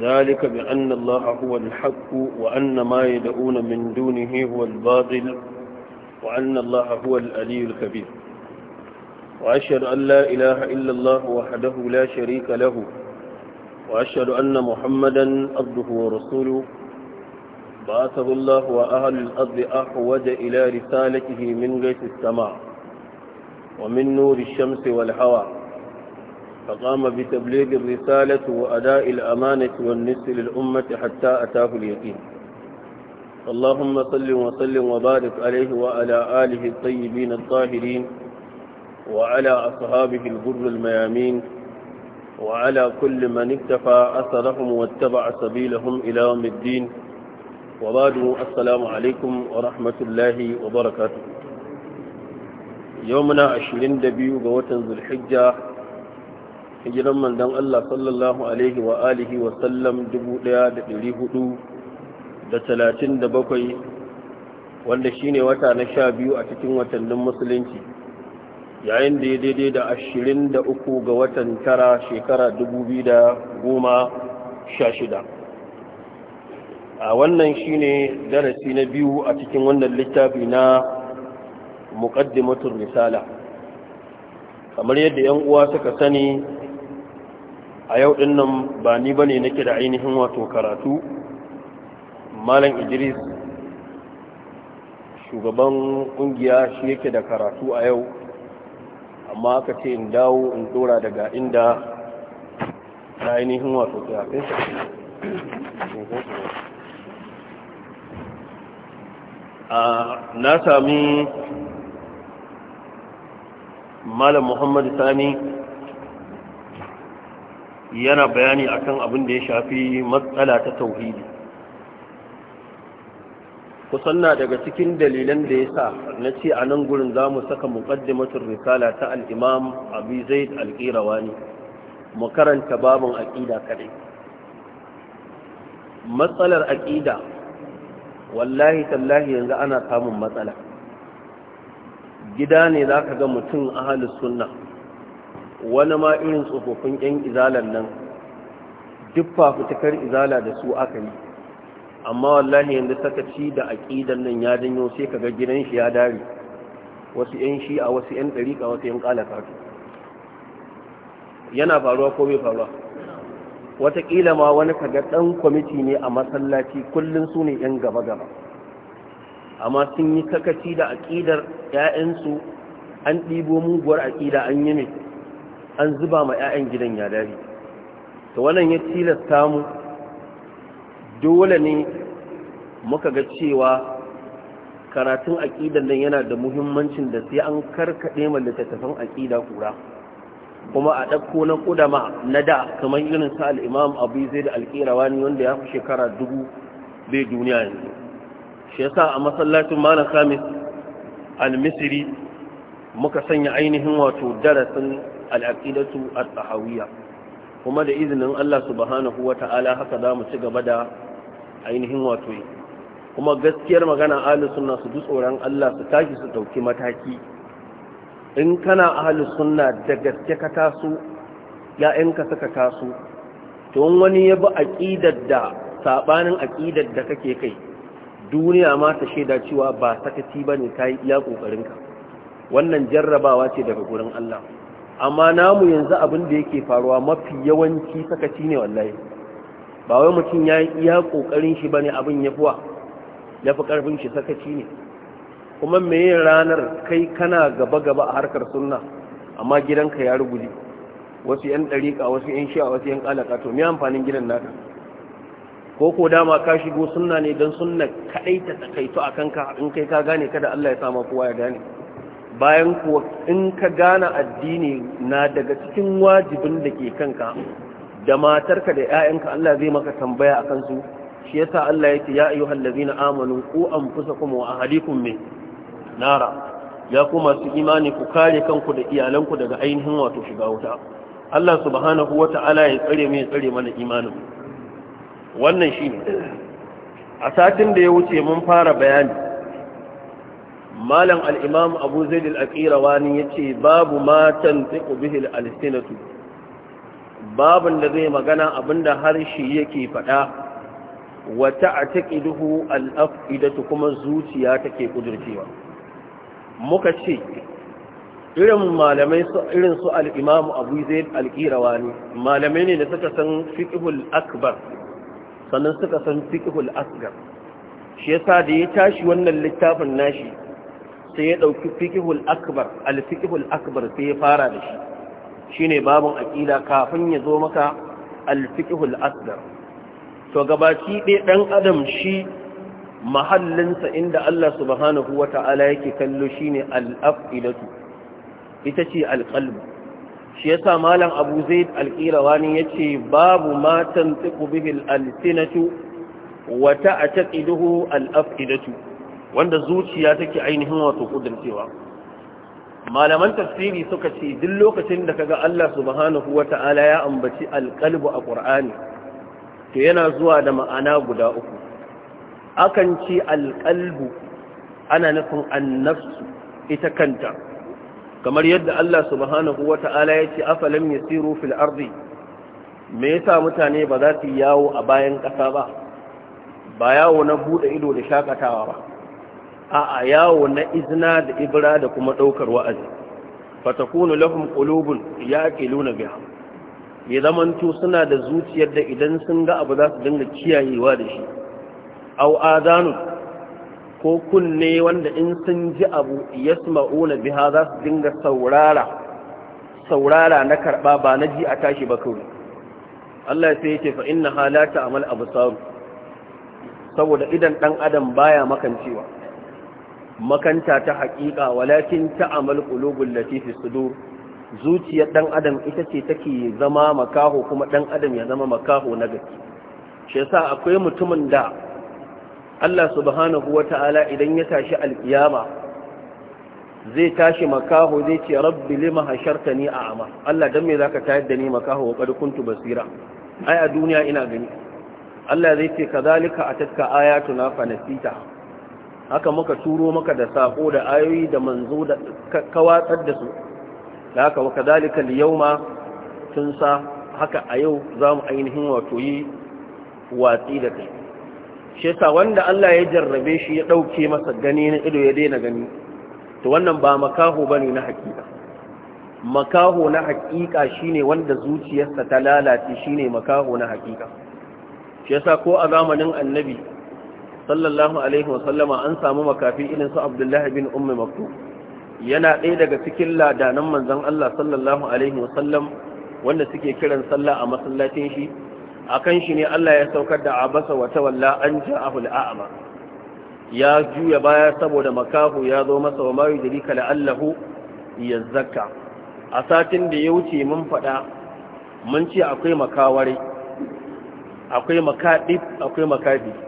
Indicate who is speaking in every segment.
Speaker 1: ذلك بأن الله هو الحق وأن ما يدعون من دونه هو الباطل وأن الله هو الألي الكبير وأشهد أن لا إله إلا الله وحده لا شريك له وأشهد أن محمدا عبده ورسوله بعثه الله وأهل الأرض أحوج إلى رسالته من غيث السماء ومن نور الشمس والهواء فقام بتبليغ الرسالة وأداء الأمانة والنسل للأمة حتى أتاه اليقين اللهم صل وسلم وبارك عليه وعلى آله الطيبين الطاهرين وعلى أصحابه الغر الميامين وعلى كل من اكتفى أثرهم واتبع سبيلهم إلى يوم الدين وبعده السلام عليكم ورحمة الله وبركاته يومنا دبيو قوة ذو الحجة hijiran manzon Allah sallallahu alaihi wa alihi wa sallam 1437 wanda shi ne wata na sha biyu a cikin watannin musulunci yayin da ya daidai da ashirin da uku ga watan tara shekara dubu biyu da goma sha shida a wannan shi ne darasi na biyu a cikin wannan littafi na muƙaddimatul misala, kamar yadda 'yan uwa suka sani a yau ɗin nan ba ni ba ne nake da ainihin wato karatu malam idris shugaban ƙungiya shi yake da karatu a yau amma aka ce in dawo in dora daga inda na ainihin wato tsayafin na sami malam muhammadu sani yana bayani akan abin da ya shafi matsala ta tauhidi kusan na daga cikin dalilan da ya sa na ce a nan gurin za mu saka muƙaddimatin risala ta al'imam abu zaid alƙirawani mu karanta babin aƙida kaɗai matsalar aƙida wallahi tallahi yanzu ana samun matsala gida ne za ka ga mutum ahalus sunna wani ma irin tsofaffin 'yan izalan nan duk fafutukar izala da su aka yi amma wallahi yanzu ci da aƙidan nan ya janyo sai ka ga gidan shi ya dare wasu 'yan a wasu 'yan ɗariƙa wasu 'yan ƙalaka yana faruwa ko bai faruwa wataƙila ma wani kaga ɗan kwamiti ne a masallaci kullum su ne 'yan gaba-gaba amma sun yi sakaci da aƙidar 'ya'yansu an ɗibo muguwar aƙida an yi ne. an zuba ma 'ya'yan gidan ya ta wannan ya tilasta mu dole ne muka ga cewa karatun aƙidan nan yana da muhimmancin da sai an karkaɗe ma littattafan aƙida kura kuma a ɗauko na ƙudama na da kamar irin sa al'imam abu zai da alƙirawa ne wanda ya fi shekara dubu bai duniya yanzu shi yasa a masallacin malam Samis al-misri muka sanya ainihin wato darasin al'aqidatu a tsahawiyya kuma da izinin Allah subhanahu Ta'ala haka za mu ci gaba da ainihin wato kuma gaskiyar magana ahalus suna su ji tsoron Allah su tashi su dauki mataki in kana ahalus suna da gaske ka taso ya'yanka suka taso to wani ya bi aƙidar da saɓanin aƙidar da kake kai duniya ma ta shaida cewa ba sakaci ta yi iya ƙoƙarinka. wannan jarrabawa ce daga gurin Allah amma namu yanzu abin da yake faruwa mafi yawanci sakaci ne wallahi ba wai mutum ya yi iya kokarin shi ba ne abin ya fuwa ya fi karfin shi sakaci ne kuma me ranar kai kana gaba gaba a harkar sunna amma gidanka ya ruguje wasu yan dariƙa wasu yan a wasu yan alaka to me amfanin gidan naka ko ko dama ka shigo sunna ne don sunna kaɗai ta takaito a kanka in kai ka gane kada Allah ya sama kowa ya gane bayan kuwa in ka gane addini na daga cikin wajibin da ke kanka da matarka da 'ya'yanka Allah zai maka tambaya a kansu shi yasa Allah ya ce ya ayyuhal ladzina amanu ku anfusakum wa ahlikum min nara ya ku masu imani ku kare kanku da iyalanku daga ainihin wato shiga wuta Allah subhanahu wata'ala ya tsare mu tsare mana imanin wannan shi ne a satin da ya wuce mun fara bayani malam al'imam abu zai zaid al'aƙirawani ya ce babu matan tsiku bihil alistinatu babin da zai magana abinda harshe yake faɗa wata a taƙiduhu al'afidatu kuma zuciya take ƙudurcewa muka ce irin malamai irin su al'imamu abu zaid al'aƙirawani malamai ne da suka san fiƙihul akbar sannan suka san fiƙihul asgar shi ya sa da ya tashi wannan littafin nashi sai ya ɗauki fikihul akbar alfikihul akbar sai ya fara da shi shine babun aƙila kafin ya zo maka alfikihul akbar to gabaci ɗaya ɗan adam shi mahallinsa inda Allah subhanahu wa ta'ala yake kallo ne al'af'ilatu ita ce alƙalbu shi yasa malam abu zaid alƙirawani ya ce babu matan tsiku bihil alfinatu. wata a taƙiduhu al'af'ilatu wanda zuciya take ainihin wato kudurcewa malaman tafsiri suka ce duk lokacin da kaga Allah subhanahu wata'ala ya ambaci alqalbu a Qur'ani to yana zuwa da ma'ana guda uku akan ce alqalbu ana nufin annafsu ita kanta kamar yadda Allah subhanahu wata'ala ya ce afalam yasiru fil ardi me yasa mutane ba za su yawo a bayan ƙasa ba ba yawo na bude ido da shakatawa ba a'a yawo na izina da ibra da kuma ɗaukar wa'azi fatakunu lahum qulubun yaqiluna biha ya zamanto suna da zuciyar da idan sun ga abu za su dinga kiyayewa da shi aw adanu ko kunne wanda in sun ji abu yasma'una biha za su dinga saurara saurara na karba ba na ji a tashi ba kawai Allah sai yake fa inna halata amal absar saboda idan dan adam baya makancewa makanta ta haƙiƙa walakin ta'amal qulubul latifi sudur zuciyar dan adam ita ce take zama makaho kuma dan adam ya zama makaho na gaske shi yasa akwai mutumin da Allah subhanahu wata'ala idan ya tashi alkiyama zai tashi makaho zai ce rabbi lima a a'ama Allah dan me zaka tayar da ni makaho wa kuntu basira ai a duniya ina gani Allah zai ce kazalika atatka ayatuna fanasita haka muka turo maka da sako da ayoyi da manzo da kawatsar da su da haka wa kadhalika al tun sa, haka a yau za mu ainihin wato yi watsi da kai shi yasa wanda Allah ya jarrabe shi ya ɗauke masa gani na ido ya daina gani to wannan ba makaho bane na hakika makaho na hakika shine wanda zuciyarsa ta lalace shine makaho na hakika shi yasa ko a zamanin annabi sallallahu alaihi wasallama an samu makafi irin su abdullahi bin ummi maktum yana ɗaya daga cikin ladanan manzon Allah sallallahu alaihi wasallam wanda suke kiran sallah a masallacin shi akan shi ne Allah ya saukar da abasa wa tawalla an ja'ahu al'ama ya juya baya saboda makahu ya zo masa wa ma yudrika la'allahu yazzakka a satin da ya wuce mun faɗa mun ce akwai makaware akwai makaɗi akwai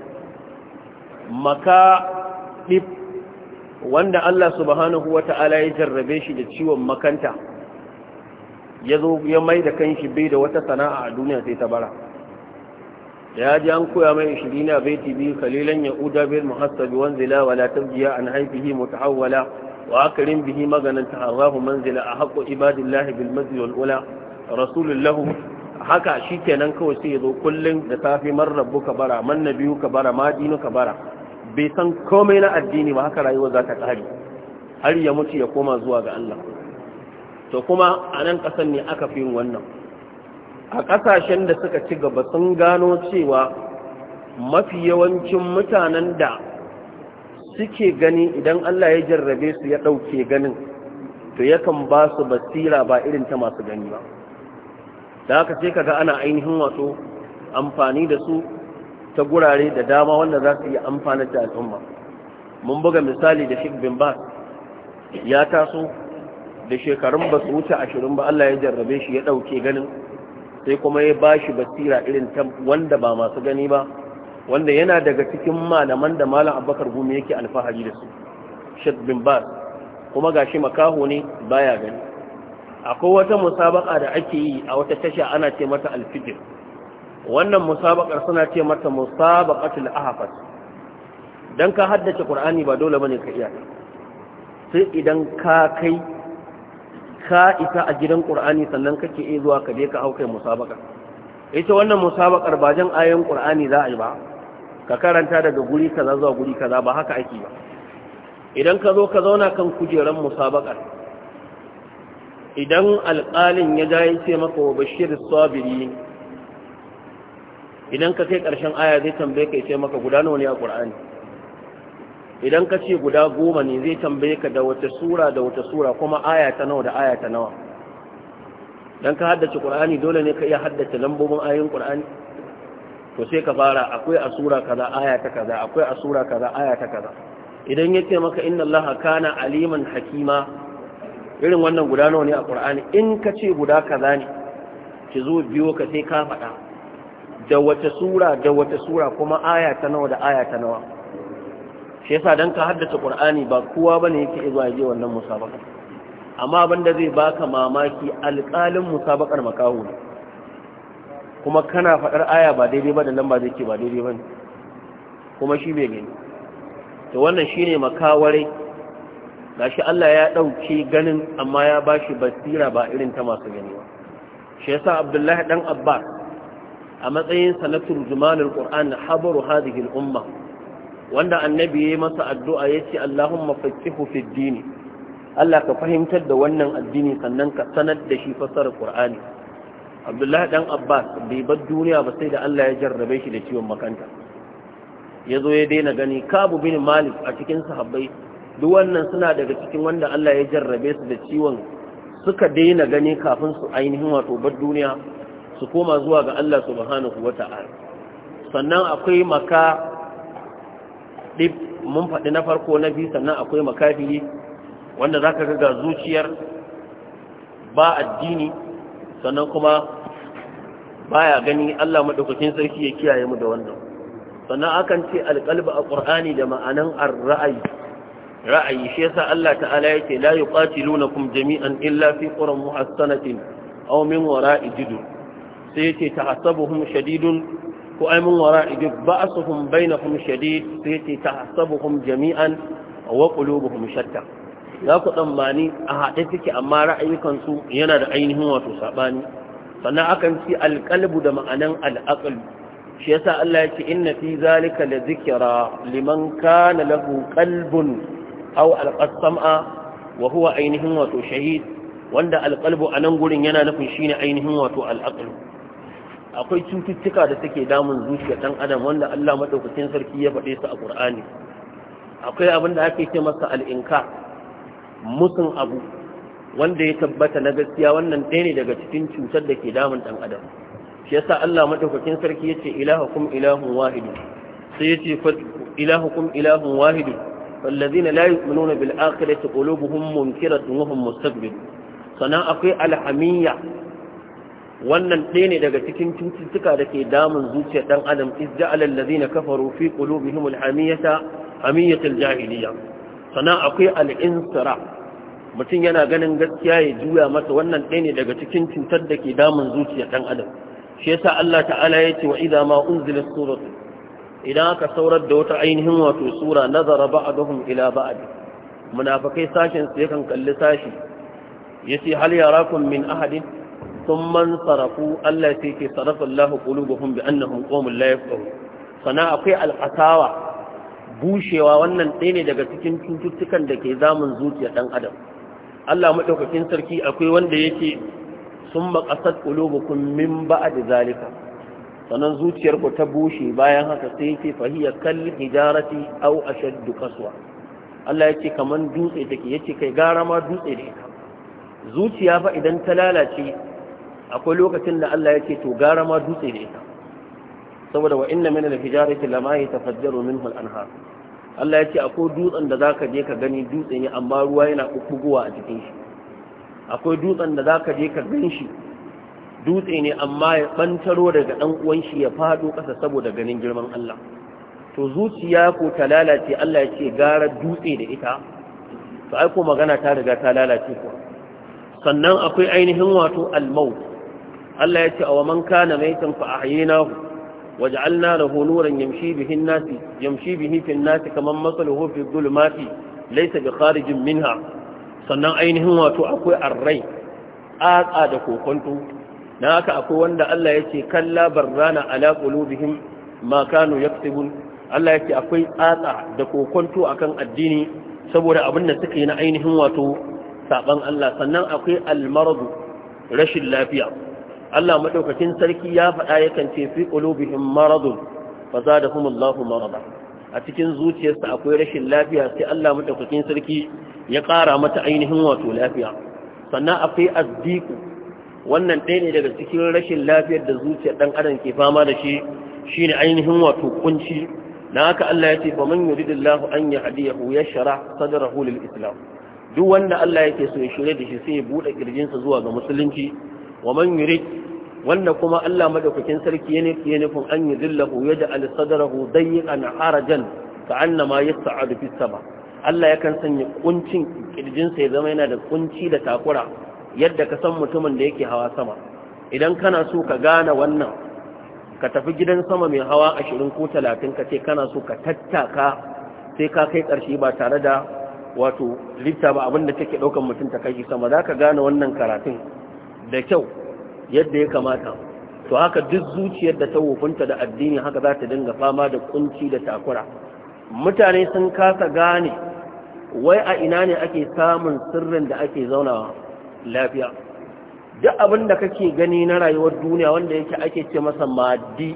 Speaker 1: makaɗib wanda Allah subhanahu wa ta'ala ya jarrabe shi da ciwon makanta ya zo ya mai da kan shi bai da wata sana'a a duniya sai ta bara ya ji an koya mai shirina bai tibi kalilan ya uda bil muhassabi wanzila wala tabjiya an haifihi mutahawwala wa akrim bihi maganan taharrahu manzila a haqqu ibadillahi bil mazli ula rasulullahu haka shi kenan kawai sai ya zo kullum da safi man ka bara man ka bara ma ka bara bai san komai na addini ba haka rayuwa za ta ƙare har ya mutu ya koma zuwa ga Allah to kuma a nan ƙasar ne aka fi yin wannan a ƙasashen da suka ci gaba sun gano cewa mafi yawancin mutanen da suke gani idan Allah ya jarrabe su ya ɗauke ganin to yakan ba su basira ba irin ta masu gani ba da haka ka ga ana ainihin wato amfani da su ta gurare da dama wanda za su yi amfani da al'umma mun buga misali da Sheikh bin Bas ya taso da shekarun ba su wuce ashirin ba Allah ya jarrabe shi ya ɗauke ganin sai kuma ya ba shi basira irin ta wanda ba masu gani ba wanda yana daga cikin malaman da malam abubakar gumi yake alfahari da su Sheikh bin Bas kuma shi makaho ne baya gani akwai wata musabaka da ake yi a wata tasha ana ce mata alfijir wannan musabakar suna ce mata musabaqatul ahfas dan ka haddace qur'ani ba dole bane ka iya sai idan ka kai ka isa a gidan qur'ani sannan kake iya zuwa ka je ka hauka musabaka ita wannan musabakar ba jan ayoyin qur'ani za a yi ba ka karanta daga guri kaza zuwa guri kaza ba haka ake ba idan ka zo ka zauna kan kujeran musabakar idan alƙalin ya ja ya ce maka wa bashir sabiri idan ka kai ƙarshen aya zai tambaye ka ce maka guda nawa ne a ƙur'ani idan ka ce guda goma ne zai tambaye ka da wata sura da wata sura kuma aya ta nawa da aya ta nawa dan ka haddace ƙur'ani dole ne ka iya haddace lambobin ayoyin ƙur'ani to sai ka fara akwai a sura kaza aya ta kaza akwai a sura kaza aya ta kaza idan ya ce maka inna allaha kana aliman hakima irin wannan guda nawa ne a ƙur'ani in ka ce guda kaza ne ki zo biyo ka sai ka faɗa da wata sura da wata sura kuma aya ta nawa da aya ta nawa shi yasa dan ka haddace qur'ani ba kowa bane yake zuwa je wannan musabaka amma banda zai baka mamaki alqalin musabakar makaho ne kuma kana faɗar aya ba daidai ba da lamba zai ce ba daidai ba ne kuma shi bai gani to wannan shine makaware gashi Allah ya dauke ganin amma ya bashi basira ba irin ta masu gani ba shi yasa Abdullahi dan Abbas a matsayin sa na turjumanul habaru hadhihi al-umma wanda annabi ya yi masa addu'a yace Allahumma faqihu fid din Allah ka fahimtar da wannan addini sannan ka sanar da shi fasara qur'ani Abdullahi dan Abbas bai bar duniya ba sai da Allah ya jarrabe shi da ciwon makanta ya zo ya daina gani kabu bin malik a cikin sahabbai duk wannan suna daga cikin wanda Allah ya jarrabe su da ciwon suka daina gani kafin su ainihin wato bar duniya su koma zuwa ga Allah subhanahu wa ta'ala sannan akwai maka ɗib mun faɗi na farko na biyu sannan akwai makafi wanda za ka ga zuciyar ba addini sannan kuma baya gani Allah maɗaukakin sarki ya kiyaye mu da wannan sannan akan ce alƙalba a ƙur'ani da ma'anan raayi ra'ayi shi yasa Allah ta'ala yake la yuqatilunakum jami'an illa fi qura muhassanatin aw min wara'i jidur sai yace tahsabuhum shadidun ko ay min wara'ihim ba'suhum bainahum shadid sai yace tahsabuhum jami'an wa qulubuhum shatta za ku tsammani a haɗe ciki amma ra'ayukansu yana da ainihin wato saɓani sannan akan ci alƙalbu da ma'anan al'aƙalu shi yasa Allah ya ce inna fi zalika la zikira liman kana lahu qalbun aw alqasama wa huwa ainihin wato shahid wanda a nan gurin yana nufin shine ainihin wato al'aqlu akwai cututtuka da suke damun zuciyar dan adam wanda Allah madaukakin sarki ya faɗe su a Qur'ani akwai abin da ake ce masa al'inka musun abu wanda ya tabbata na gaskiya wannan ɗaya ne daga cikin cutar da ke damun ɗan adam shi yasa Allah madaukakin sarki yace ilahukum ilahun wahidu sai yace ilahukum ilahun wahidu wallazina la yu'minuna bil akhirati qulubuhum munkiratun wa hum mustaqbil sana akwai alhamiyya wannan ɗaya ne daga cikin cututtuka da ke damun zuciyar ɗan adam izja'al allazina kafaru fi qulubihim al hamiyatul jahiliya sana akwai al mutum yana ganin gaskiya ya juya masa wannan ɗaya ne daga cikin cutar da ke damun zuciyar ɗan adam shi yasa Allah ta'ala ya ce wa idza ma unzila surat idan aka saurar da wata ainihin wato sura nazara ba'dahum ila ba'd munafikai sashin su yakan kalli sashi yace hal yarakum min ahadin sun man sarafu Allah sai ke sarafa Allah qulubuhum bi annahun ƙomun la yafqahun sana akwai alqatawa bushewa wannan ɗaya ne daga cikin cututtukan da ke zamun zuciya ɗan adam Allah madaukakin sarki akwai wanda yake sun maqasat qulubukum min ba'd zalika sanan zuciyar ku ta bushe bayan haka sai yake fahiya kal hijarati aw ashaddu kasuwa. Allah yake kaman dutse take yace kai gara ma dutse ne zuciya fa idan ta lalace akwai lokacin da Allah ya ce to gara ma dutse da ita saboda wa inna min al-hijarati lama yatafajjaru minhu al-anhar Allah ya akwai dutsen da zaka je ka gani dutse ne amma ruwa yana kukkugowa a cikin shi akwai dutsen da zaka je ka gan shi dutse ne amma ya bantaro daga dan uwan shi ya fado kasa saboda ganin girman Allah to zuciya ko ta lalace Allah ya ce gara dutse da ita to ai ko magana ta riga ta lalace ko sannan akwai ainihin wato al-maut Allah ya ce a waman kana maitan fa ahyaynahu waj'alna lahu nuran yamshi bihi an-nasi yamshi bihi fi nasi kaman bi kharijin minha sannan ainihin wato akwai arrai tsatsa da kokonto na haka akwai wanda Allah ya ce kalla barrana ala qulubihim ma kanu yaktubun Allah ya ce akwai tsatsa da kokonto akan addini saboda abin da suka yi na ainihin wato saban Allah sannan akwai almaradu rashin lafiya Allah maɗaukacin sarki ya faɗa yakan ce fi qulubihim maradun fazadahum Allahu marada a cikin zuciyarsa akwai rashin lafiya sai Allah madaukakin sarki ya ƙara mata ainihin wato lafiya sannan akwai azdiku wannan ɗaya ne daga cikin rashin lafiyar da zuciyar ɗan adam ke fama da shi shine ainihin wato kunci na haka Allah ya ce fa man yuridillahu an ya ya shara, sadrahu lil islam duk wanda Allah yake so ya shirye da shi sai ya buɗe kirjinsa zuwa ga musulunci wa man yurid wanda kuma Allah madaukakin sarki yana ya nufin an yudillahu yaj'al sadrahu dayyiqan ka annama yas'adu fis sama Allah yakan sanya kuncin kirjinsa ya zama yana da kunci da takura yadda ka san mutumin da yake hawa sama idan kana so ka gane wannan ka tafi gidan sama mai hawa ashirin ko talatin ka ce kana so ka tattaka sai ka kai ƙarshe ba tare da wato lifta ba abinda take ɗaukan mutum ta kai sama za ka gane wannan karatun da kyau yadda ya kamata to haka duk zuciyar da ta wufunta da addini haka za ta dinga fama da kunci da takura mutane sun kasa gane wai a ina ne ake samun sirrin da ake zaunawa lafiya duk abin da kake gani na rayuwar duniya wanda yake ake ce masa maddi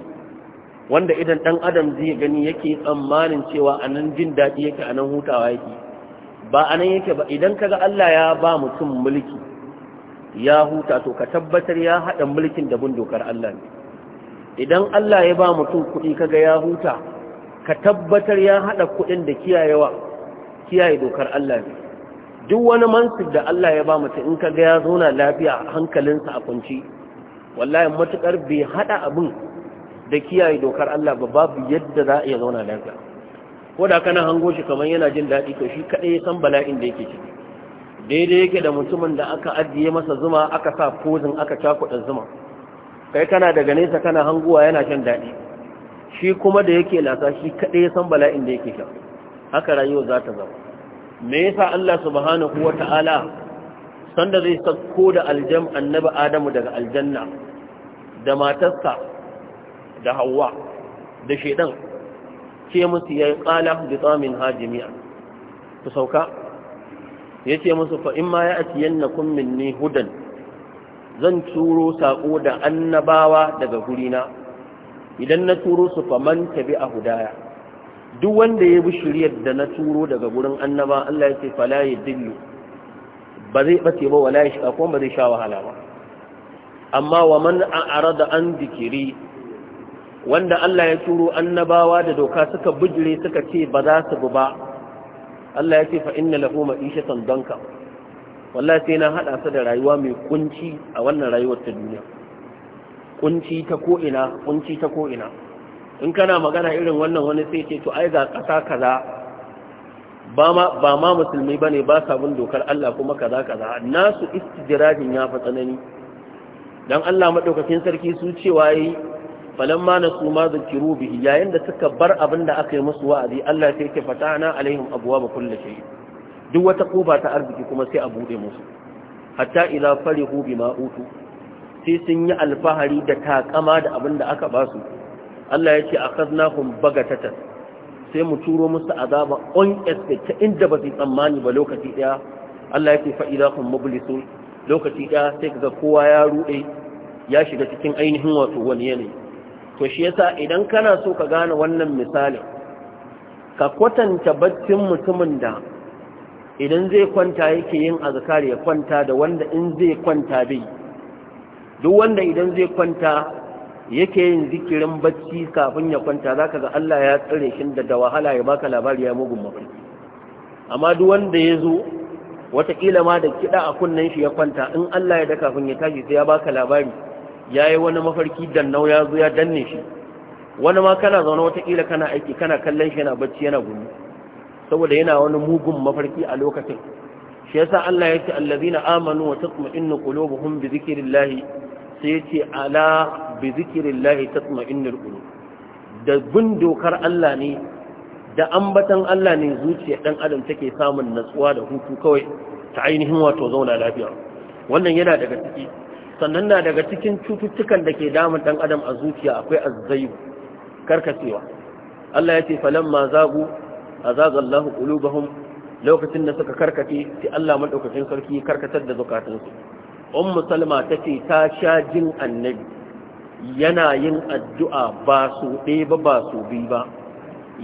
Speaker 1: wanda idan dan adam zai gani yake tsammanin cewa a jin daɗi yake anan hutawa yake ba a nan yake ba idan kaga Allah ya ba mutum mulki ya huta to ka tabbatar ya haɗa mulkin da dokar Allah ne idan Allah ya ba mutum kuɗi kaga ya huta ka tabbatar ya haɗa kuɗin da kiyayewa kiyaye dokar Allah ne duk wani mansib da Allah ya ba mutum in kaga ya zauna lafiya hankalinsa a kunci wallahi matukar bai haɗa abin da kiyaye dokar Allah ba babu yadda za a iya zauna lafiya ko da kana hango shi kamar yana jin daɗi to shi kaɗai ya san bala'in da yake ciki daidai yake da mutumin da aka ajiye masa zuma aka sa kozin aka cakuɗa zuma kai kana daga nesa kana hanguwa yana shan daɗi shi kuma da yake lasa shi kaɗai san bala'in da yake sha haka rayuwa za ta zama me yasa Allah subhanahu wa ta'ala sanda zai sako da aljam annabi adamu daga aljanna da matarsa da hawa da shedan ce musu ya yi bi tsamin hajimiya to ku sauka ya ce musu fa'in ma ya ake yanna kummin ni hudan zan turo saƙo da annabawa daga gurina idan na turo su faman tabi a hudaya duk wanda ya bi shiryar da na turo daga gurin annaba Allah ya ce fala ya dillu ba zai ɓace ba wala ya shiga kuma ba zai sha wahala ba amma wa man da an dikiri. wanda Allah ya turo annabawa da doka suka bijire suka ce ba za su bi ba Allah ya ce fa inna lahu ma'ishatan danka wallahi sai na hada sa da rayuwa mai kunci a wannan rayuwar ta duniya kunci ta ko ina kunci ta ko ina in kana magana irin wannan wani sai ce to ai ga kasa kaza ba ma ba ma musulmi bane ba sa bin dokar Allah kuma kaza kaza nasu istijrajin ya fa tsanani dan Allah madaukakin sarki su cewa yi falamma mana ma zukiru bihi yayin da suka bar abin da aka yi musu wa'azi Allah sai yake na alaihim abwaaba kulli shay duk wata ƙuba ta arziki kuma sai a buɗe musu hatta ila fari bima utu sai sun yi alfahari da takama da abin da aka basu Allah yake baga bagatatan sai mu turo musu azaba on ta inda ba su tsammani ba lokaci ɗaya, Allah yake fa ilahum mublisun lokaci daya sai kaga kowa ya ruɗe ya shiga cikin ainihin wato wani yanayi to shi yasa idan kana so ka gane wannan misalin ka kwatanta baccin mutumin da idan zai kwanta yake yin azkar ya kwanta da wanda in zai kwanta bai duk wanda idan zai kwanta yake yin zikirin bacci kafin ya kwanta zaka ga Allah ya tsare shi da da wahala ya baka labari ya mugun mafi amma duk wanda ya zo watakila ma da kiɗa a kunnen shi ya kwanta in Allah ya da kafin ya tashi sai ya baka labari ya yi wani mafarki da nauya zo ya danne shi wani ma kana zaune watakila kana aiki kana kallon shi yana bacci yana gumi saboda yana wani mugun mafarki a lokacin shi yasa Allah ya ce allazina amanu wa tatma'innu qulubuhum bi dhikrillah sai yace ala bi dhikrillah tatma'innul qulub da bin dokar Allah ne da ambatan Allah ne zuciya dan adam take samun natsuwa da hutu kawai ta ainihin wato zauna lafiya wannan yana daga ciki sannan na daga cikin cututtukan da ke damun ɗan adam a zuciya akwai azzayu karkacewa Allah ya ce falamma zagu azaga qulubahum lokacin da suka karkace sai Allah madaukakin sarki karkatar da zukatansu ummu salma tace ta sha jin annabi yana yin addu'a ba su ɗaya ba ba su bi ba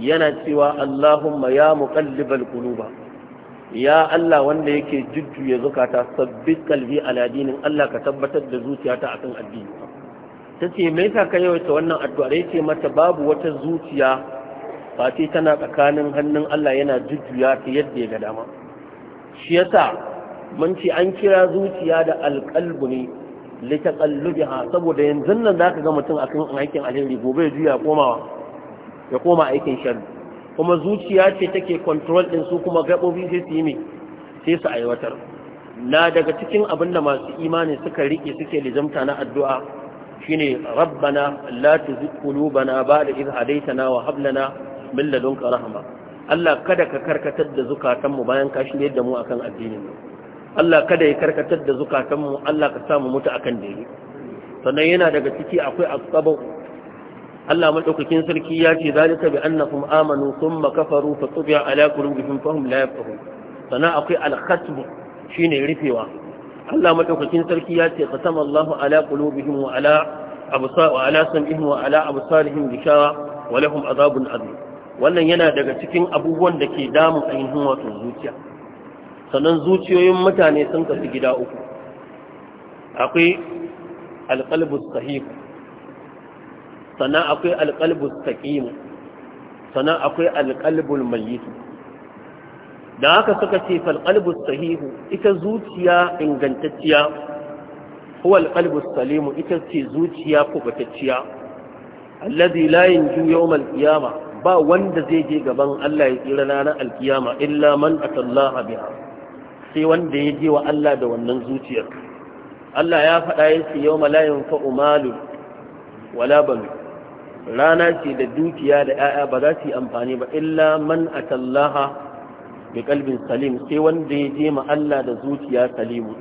Speaker 1: yana cewa Allahumma ya muqallibal quluba ya Allah wanda yake jujjuya zukata sabbit kalbi ala dinin Allah ka tabbatar da zuciyata akan addini ta ce me yasa ka yawaita wannan addu'ar yace mata babu wata zuciya Fati tana tsakanin hannun Allah yana jujjuya ta yadda ya ga dama shi yasa mun ce an kira zuciya da alqalbu ne taqallubiha saboda yanzu nan zaka ga mutum akan aikin alheri gobe ya juya komawa ya koma aikin sharri kuma zuciya ce take control din su kuma gaɓoɓi sai su yi mai sai su aiwatar na daga cikin abin da masu imani suka riƙe suke lijamta na addu'a shine rabbana la tuzigh qulubana ba'da idh hadaytana wa hab lana min ladunka rahma Allah kada ka karkatar da zukatanmu bayan ka shirye da mu akan addinin Allah kada ya karkatar da zukatanmu Allah ka sa mu mutu akan dare sannan yana daga ciki akwai asbabu Allah madaukakin sarki ya ce zalika bi annahum amanu thumma kafaru fa tubi'a ala qulubihim fahum la yafqahun sana akwai al-khatm shine rufewa Allah madaukakin sarki ya ce qasama Allahu ala qulubihim wa ala absar wa ala sam'ihim wa ala absarihim gishawa wa lahum adhabun adhim wannan yana daga cikin abubuwan da ke damun ainihin wato zuciya sannan zuciyoyin mutane sun kasu gida uku akwai alqalbu sahih sannan akwai alƙalbus taƙimu sannan akwai alƙalbul mayitu da haka suka ce falƙalbus sahihu ita zuciya ingantacciya huwa alƙalbus salimu ita ce zuciya kubatacciya alladhi layin yanju yawmal ba wanda zai je gaban Allah ya tsira ranar alkiyama illa man atallaha biha sai wanda ya je wa Allah da wannan zuciyar Allah ya faɗa yace yawma la yanfa'u malu wala banu rana ce da dukiya da 'ya'ya ba za su yi amfani ba illa man atallaha bi kalbin salim sai wanda ya je ma Allah da zuciya salimu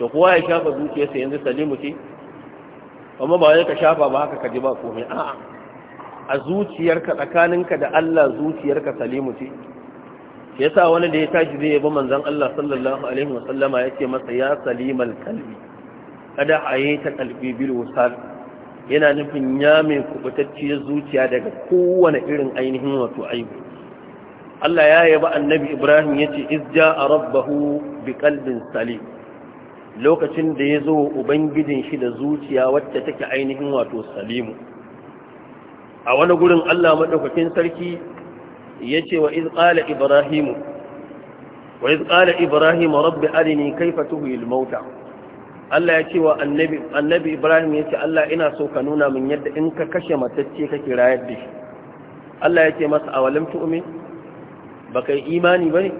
Speaker 1: to kowa ya shafa zuciyarsa yanzu salimu ce amma ba wai ka shafa ba haka ka ji ba komai a'a a zuciyarka tsakaninka da Allah zuciyarka salimu ce yasa wani da ya tashi zai yaba manzon Allah sallallahu alaihi wasallama yace masa ya salimal kalbi kada ayyata kalbi bil wasal yana nufin ya mai kubutacciyar zuciya daga kowane irin ainihin wato aibu Allah ya yaba annabi Ibrahim ya ce izja a rabbahu bi kalbin salim lokacin da ya zo ubangijin shi da zuciya wacce take ainihin wato salimu a wani gurin Allah maɗaukakin sarki ya ce wa ibrahimu wa ibrahimu rabbi arini kaifa tuhil mauta Allah ya ce wa annabi annabi Ibrahim ya ce Allah ina so ka nuna min yadda in ka kashe matacce kake rayar da shi Allah ya ce masa awalam tu'min baka yi imani bane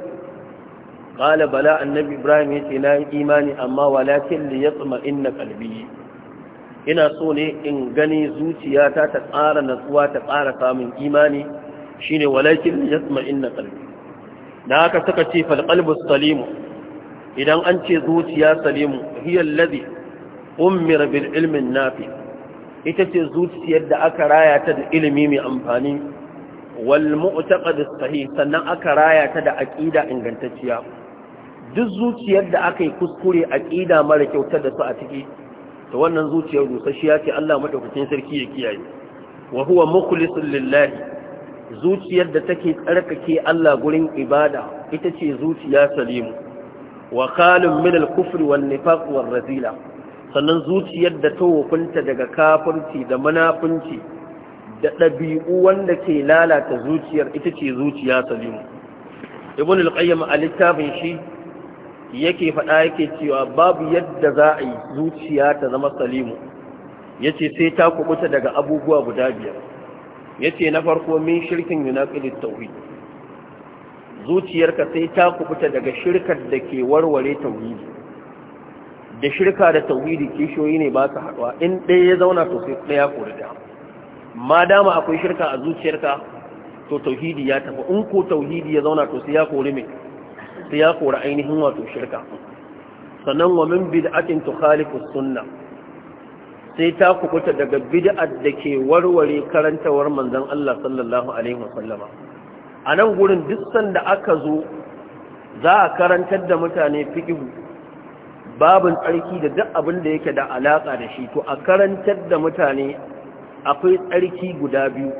Speaker 1: qala bala annabi Ibrahim ya ce na yi imani amma walakin li yatma inna qalbi ina so ne in gani zuciyata ta tsara natsuwa ta tsara samun imani shine walakin li yatma inna qalbi da haka suka ce fal qalbu salimu idan an ce zuciya salimu hiya allazi ummir bil ilmin nafi ita ce zuciyar da aka raya ta da ilimi mai amfani wal mu'taqad sahih sannan aka raya ta da aqida ingantacciya duk zuciyar da aka yi kuskure aqida mara kyauta da su a ciki to wannan zuciyar rusasshiya ce Allah madaukakin sarki ya kiyaye wa huwa mukhlisun lillahi zuciyar da take tsarkake Allah gurin ibada ita ce zuciya salimu wa minal minal kufri wal nifaq razila sannan zuciyar da ta wofinta daga kafirci da manafunci da ɗabi'u wanda ke lalata zuciyar ita ce zuciya salimu ibn al a littafin shi yake faɗa yake cewa babu yadda za a yi zuciya ta zama salimu yace sai ta kubuta daga abubuwa guda biyar yace na farko min shirkin yunaqidit tauhid zuciyarka sai ta kubuta daga shirkar da ke warware tauhidi da shirka da tauhidi kishiyoyi ne ba su haɗuwa in ɗaya ya zauna to sai ɗaya kori da ma dama akwai shirka a zuciyarka to tauhidi ya tafi in ko tauhidi ya zauna to sai ya kori mai sai ya kori ainihin wato shirka sannan wa min bid'atin tukhalifu sunna sai ta kubuta daga bid'at da ke warware karantawar manzon Allah sallallahu alaihi wasallama a nan gurin duk sanda aka zo za a karantar da mutane fiƙihu babin tsarki da duk abin da yake da alaƙa da shi to a karantar da mutane akwai tsarki guda biyu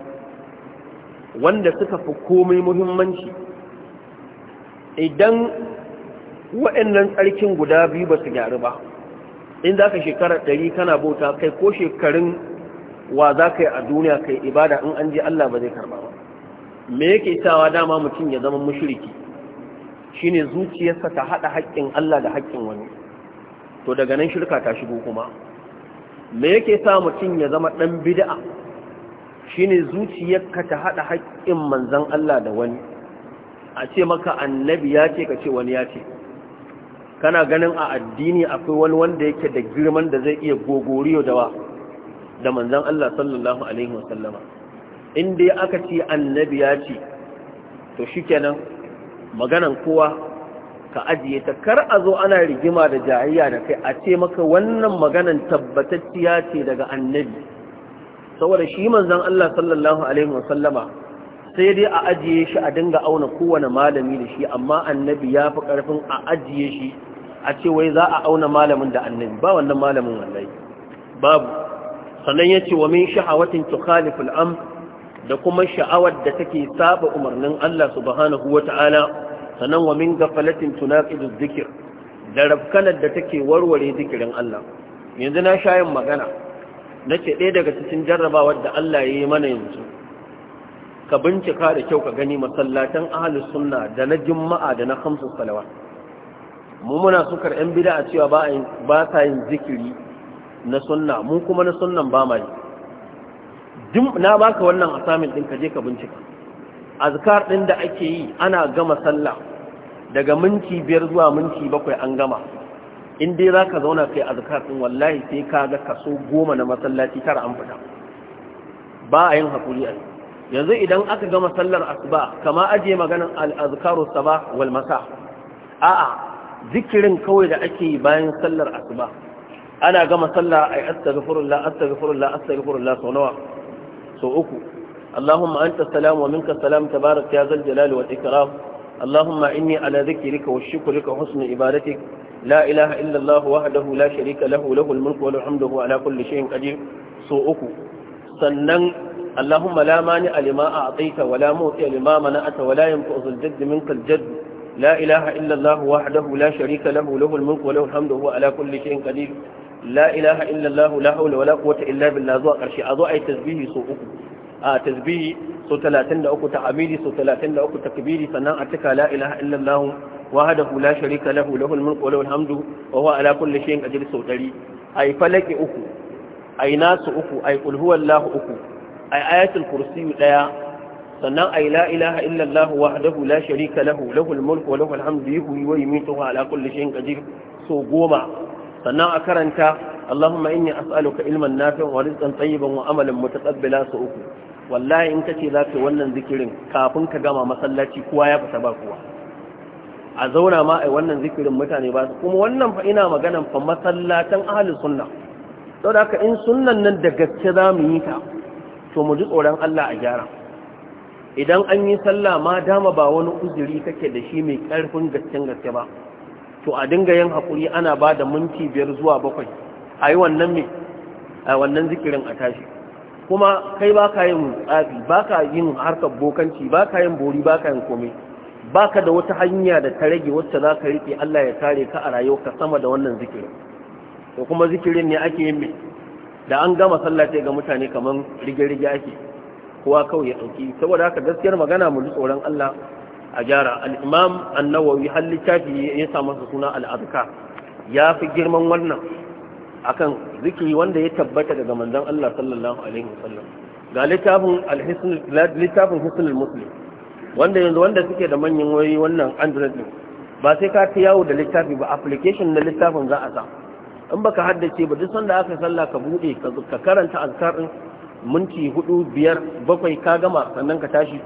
Speaker 1: wanda suka fi komai muhimmanci idan waɗannan tsarkin guda biyu ba su gyaru ba in za ka shekarar ɗari kana bauta kai ko shekarun wa za ka yi a duniya kai ibada in an je Allah ba zai karba ba me yake sawa dama mutum ya zama mushriki shine zuciyarsa ta hada haƙƙin Allah da haƙƙin wani to daga nan shirka ta shigo kuma me yake sa mutum ya zama dan bid'a shine zuciyarka ta hada haƙƙin manzon Allah da wani a ce maka annabi ya ce ka ce wani ya ce kana ganin a addini akwai wani wanda yake da girman da zai iya gogoriyo da wa da manzon Allah sallallahu alaihi wasallama in dai aka ce annabi ya ce to shikenan maganan kowa ka ajiye ta kar a zo ana rigima da jahiyya da kai a ce maka wannan maganan tabbatacciya ce daga annabi saboda shi manzan Allah sallallahu alaihi wasallama sai dai a ajiye shi a dinga auna kowane malami da shi amma annabi ya fi karfin a ajiye shi a ce wai za a auna malamin da annabi ba wannan malamin wallahi babu sannan ya ce wa min shahawatin tukhalifu am da kuma sha'awar da take saba umarnin Allah subhanahu wata'ala sanan wa min gafalatin tunaqidu dhikr da rafkanar da take warware zikirin Allah yanzu na sha yin magana nace ɗaya daga cikin jarrabawar da Allah ya yi mana yanzu ka bincika da kyau ka gani masallatan ahli sunna da na juma'a da na khamsu salawa mu muna sukar yan bid'a cewa ba ba sa yin zikiri na sunna mu kuma na sunnan ba mai na baka wannan assignment din ka je ka bincika azkar din da ake yi ana gama sallah daga minti biyar zuwa minti bakwai an gama in dai zaka zauna kai azkar din wallahi sai ka ga kaso goma na masallaci tara an fita ba a yin hakuri a yanzu idan aka gama sallar asuba kama ajiye maganar al-azkaru sabah wal masa a'a zikirin kawai da ake yi bayan sallar asuba ana gama sallah ay astaghfirullah astaghfirullah astaghfirullah sau nawa sau uku Allahumma anta salam wa minka salam tabarak ya zal jalal wa ikram Allahumma inni ala zikrika wa shukrika husn ibadatik la ilaha illa Allah wahdahu la sharika lahu lahu al-mulku wa ala kulli shay'in qadir sau uku sannan Allahumma la mani alima a'tayta wa la muti alima mana'ata wa la yanfu'u al-jadd minka al-jadd la ilaha illa Allah wahdahu la sharika lahu lahu al-mulku wa ala kulli shay'in qadir la ilaha illallah la haula wala quwwata illa billah zuwa karshe a zo ayi tasbihi so uku a tasbihi so 33 tahmidi so 33 takbiri sannan a tuka la ilaha illallah wahdahu la sharika lahu lahul mulku wa lahul hamdu wa huwa ala kulli shay'in qadir so 100 ai falaki uku ai nasu uku ai qul huwallahu uku ai ayatul kursi daya sannan ai la ilaha illallah wahdahu la sharika lahu lahul mulku wa lahul hamdu yuhyi wa yumiitu ala kulli shay'in qadir so goma sannan a karanta Allahumma inni as'aluka ilman nafi'an wa rizqan tayyiban wa amalan mutaqabbila su uku wallahi in kace za ka wannan zikirin kafin ka gama masallaci kowa ya fita ba kowa a zauna ma ai wannan zikirin mutane ba kuma wannan fa ina maganan fa masallatan ahli sunna saboda haka in sunnan nan da gaske za mu yi ta to mu ji tsoron Allah a gyara idan an yi sallah ma dama ba wani uzuri kake da shi mai karfin gaske gaske ba to a dinga yin hakuri ana ba da minti biyar zuwa bakwai a yi wannan mai a wannan zikirin a tashi kuma kai ba ka yin tsafi ba ka yin harkar bokanci ba ka yin bori ba ka yin komai ba ka da wata hanya da ta rage wacce za ka riƙe Allah ya kare ka a ka sama da wannan zikirin to kuma zikirin ne ake yin mai da an gama sallah ga mutane kamar rige-rige ake kowa kawai ya ɗauki saboda haka gaskiyar magana mu ji tsoron Allah a gyara al'imam annawawi har littafi ya sa masa suna al'adka ya fi girman wannan akan zikiri wanda ya tabbata daga manzon Allah sallallahu alaihi wasallam ga littafin al-hisn hisn muslim wanda yanzu wanda suke da manyan wayoyi wannan android ba sai ka ta yawo da littafi ba application na littafin za a sa in baka haddace ba duk sanda aka salla ka bude ka karanta azkar minti 4 biyar bakwai ka gama sannan ka tashi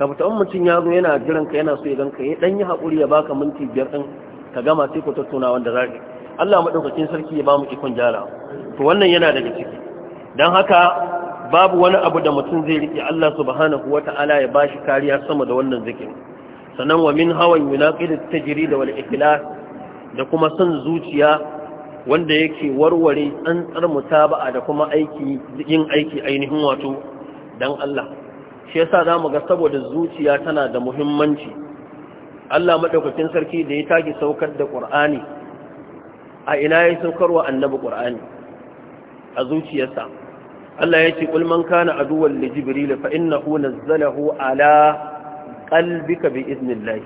Speaker 1: ka fita in mutum ya zo yana jiran ka yana so ya ganka ya eh, dan yi haƙuri ya baka minti biyar din ka gama sai ku tattauna wanda za Allah madaukakin sarki ya ba mu ikon jara to wannan yana daga ciki dan haka babu wani abu da mutum zai riƙe Allah subhanahu wata'ala ya shi kariya sama da wannan zikirin sannan wa min hawan yunaqidu tajrid wal ikhlas da kuma son zuciya wanda yake warware tsantsar mutaba'a da kuma aiki yin aiki ainihin wato dan Allah shi yasa za mu ga saboda zuciya tana da muhimmanci Allah maɗaukakin sarki da ya taki saukar da ƙur'ani a ina ya saukarwa annabi ƙur'ani a zuciyarsa Allah ya ce ƙulman man kana aduwwan li jibril fa innahu nazzalahu ala qalbika bi idnillah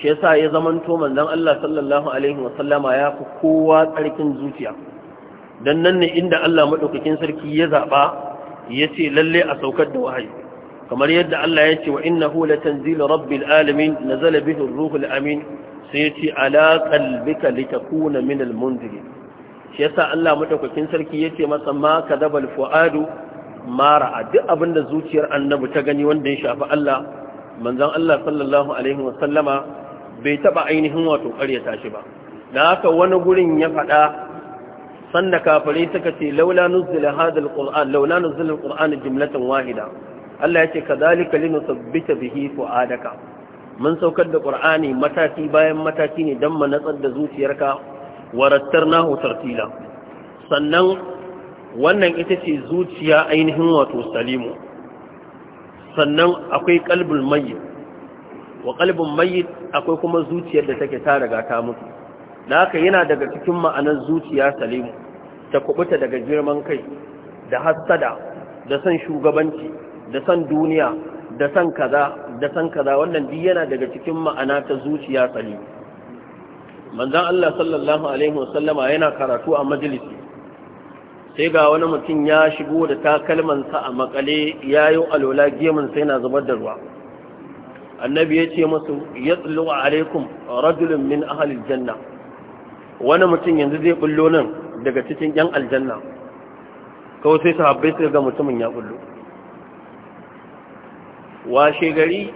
Speaker 1: shi yasa ya zamanto manzan Allah sallallahu alaihi wa sallama ya fi kowa tsarkin zuciya Don nan ne inda Allah maɗaukakin sarki ya ya yace lalle a saukar da wahayi kamar yadda Allah ya ce wa innahu latanzilu rabbil alamin nazala bihi ruhul amin sai ya ce ala qalbika litakuna min al munziri shi yasa Allah madaukakin sarki yace masa ma kadaba al fuadu ma ra'a duk abinda zuciyar annabi ta gani wanda ya shafi Allah manzon Allah sallallahu alaihi wa sallama bai taba ainihin wato ƙaryata shi ba Na haka wani gurin ya faɗa sanna kafare suka ce laula nuzila hadha al qur'an laula nuzila al qur'an jumlatan wahida Allah ya ce ka lina sabbita bihi adaka. mun saukar da qur'ani mataki bayan mataki ne dan mu natsar da zuciyarka warattarnahu tartila sannan wannan ita ce zuciya ainihin wato salimu sannan akwai qalbul mayyit wa qalbun mayyit akwai kuma zuciyar da take ta riga ta mutu da haka yana daga cikin ma'anar zuciya salimu ta kubuta daga girman kai da hassada da son shugabanci da san duniya da san kaza da san kaza wannan duk yana daga cikin ma'ana ta zuciya tsali manzon Allah sallallahu alaihi wasallama yana karatu a majalisi sai ga wani mutum ya shigo da takalmansa a makale yayo alola gemin sai na zubar da ruwa annabi ya ce masu yatlu alaikum rajulun min ahli janna wani mutum yanzu zai bullo nan daga cikin yan aljanna kawai sai sahabbai sai ga mutumin ya bullo washe gari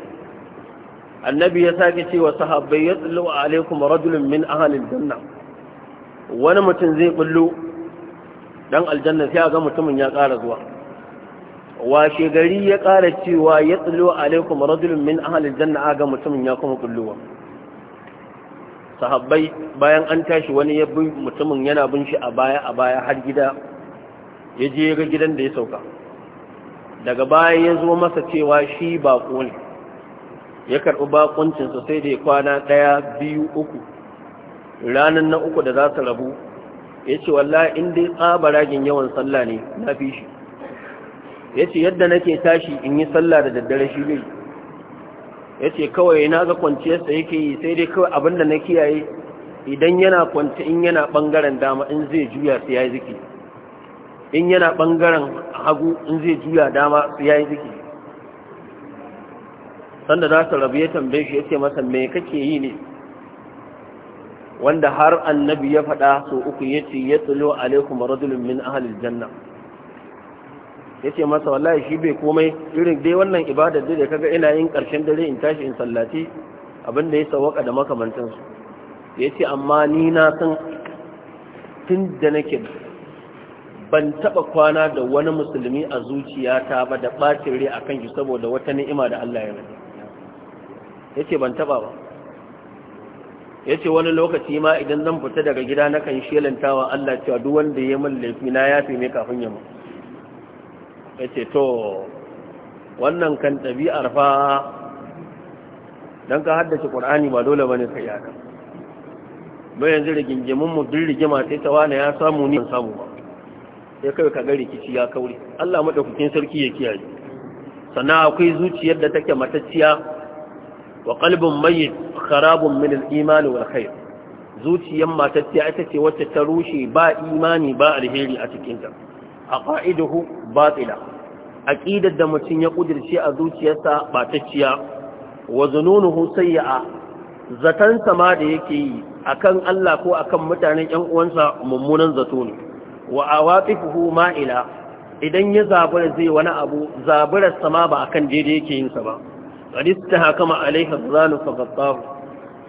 Speaker 1: annabi ya sake cewa sahabbai ya tsallu alaikum rajulun min ahalil janna wani mutum zai bullo dan aljanna sai ga mutumin ya ƙara zuwa washe gari ya ƙara cewa ya tsallu alaikum rajulun min ahalil janna ga mutumin ya kuma bullowa sahabbai bayan an tashi wani ya bi mutumin yana bin shi a baya a baya har gida ya je ga gidan da ya sauka daga baya ya zo masa cewa shi baƙo ne ya karɓi baƙuncinsa sai da ya kwana ɗaya biyu uku ranar na uku da za su rabu ya ce walla in dai ragin yawan sallah ne na fi shi ya ce yadda nake tashi in yi sallah da daddare shi ne. ya ce kawai na ga kwanciyarsa yake yi sai dai kawai abinda na kiyaye idan yana kwanci in yana ɓangaren dama in zai juya su ya yi ziki in yana ɓangaren hagu in zai juya dama ya yi ziki sanda za su rabu ya tambaye shi ya ce masa mai kake yi ne wanda har annabi ya faɗa so uku ya ce ya tsilo alaikum rajulun min ahalil janna ya ce masa wallahi shi bai komai irin dai wannan ibadar da kaga ina yin ƙarshen dare in tashi in sallati abinda ya sawaka da makamantansu ya ce amma ni na san tun da nake ban taba kwana da wani musulmi a zuciyata ba da bacin rai akan shi saboda wata ni'ima da Allah ya mai yace ban taba ba yace wani lokaci ma idan zan fita daga gida na kan shelantawa Allah cewa duk wanda ya min laifi na yafi mai kafin ya mu yace to wannan kan ɗabi'ar fa dan ka haddace Qur'ani ba dole bane ka yaka bayan yanzu rigingimin mu dirgima sai tawana ya samu ni samu ba sai kai ka ga rikici ya kaure Allah madaukakin sarki ya kiyaye sannan akwai zuciyar da take matacciya wa qalbun mayyit kharabun min al-iman wal khair zuciyar matacciya ita ce wacce ta rushe ba imani ba alheri a cikin ta aqaiduhu batila aqidar da mutun ya kudirce a zuciyarsa batacciya wa zununuhu sayyi'a zatansa ma da yake yi akan Allah ko akan mutanen ƴan uwansa mummunan zato ne wa ma ma'ila idan ya zabura zai wani abu zaburar sama ba akan daidai yake yin sa ba qadista hakama alaiha zanu faqatahu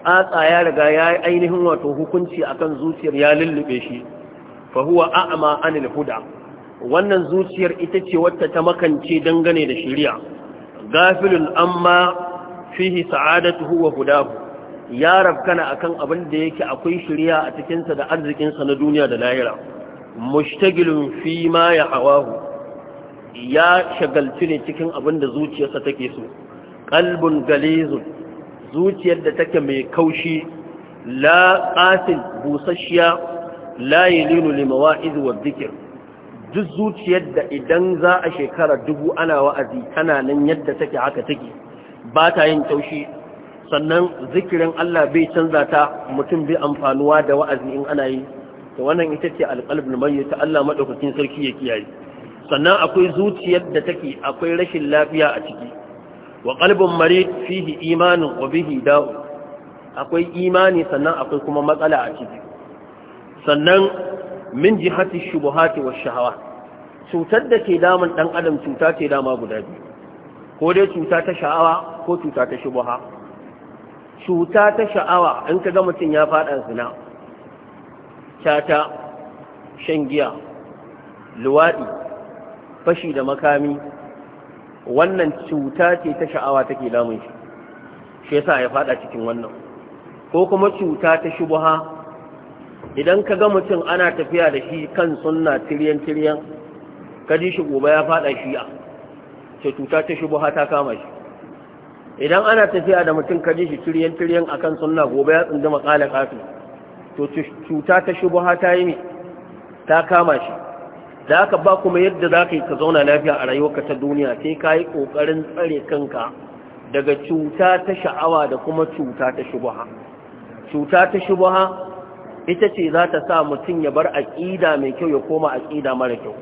Speaker 1: atsa ya riga yi ainihin wato hukunci akan zuciyar ya lullube shi fa huwa a anil huda wannan zuciyar ita ce wata ta makance dangane da shirya gafilun amma fihi sa'adatuhu wa hudahu ya rabkana akan abin da yake akwai shirya a cikinsa da arzikinsa na duniya da lahira mushtagilun fi ma ya hawahu ya shagaltu ne cikin abin da zuciyarsa take so qalbun galizun zuciyar da take mai kaushi la qasil busasshiya la yalinu limawa'iz wa dhikr duk zuciyar da idan za a shekara dubu ana wa'azi tana nan yadda take haka take ba ta yin taushi sannan zikirin Allah bai canza ta mutum bai amfanuwa da wa'azi in ana yi to wannan ita ce alqalbul mayyit Allah madaukakin sarki ya kiyaye sannan akwai zuciyar da take akwai rashin lafiya a ciki wa qalbun marid fihi imanin wa bihi da'u akwai imani sannan akwai kuma matsala a ciki sannan min jihati shubuhati wa shahawa cutar da ke damun dan adam cuta ce dama guda biyu ko dai cuta ta sha'awa ko cuta ta shubuha cuta ta sha'awa in ka ga mutum ya faɗa zina cata shan giya luwaɗi fashi da makami wannan cuta ce ta sha'awa take lamun shi shi yasa ya fada cikin wannan ko kuma cuta ta shubha idan ka ga mutum ana tafiya da shi kan sunna tiryan tiryan ka ji shi gobe ya fada a, ce cuta ta shubha ta kama shi idan ana tafiya da mutum ka ji shi tiryan tiryan akan sunna gobe ya tsunduma kala kafi to cuta ta shubuha ta yi ne ta kama shi da ka ba kuma yadda za ka yi ka zauna lafiya a rayuwarka ta duniya sai ka yi ƙoƙarin tsare kanka daga cuta ta sha'awa da kuma cuta ta shubuha cuta ta shubuha ita ce za ta sa mutum ya bar aƙida mai kyau ya koma aƙida mara kyau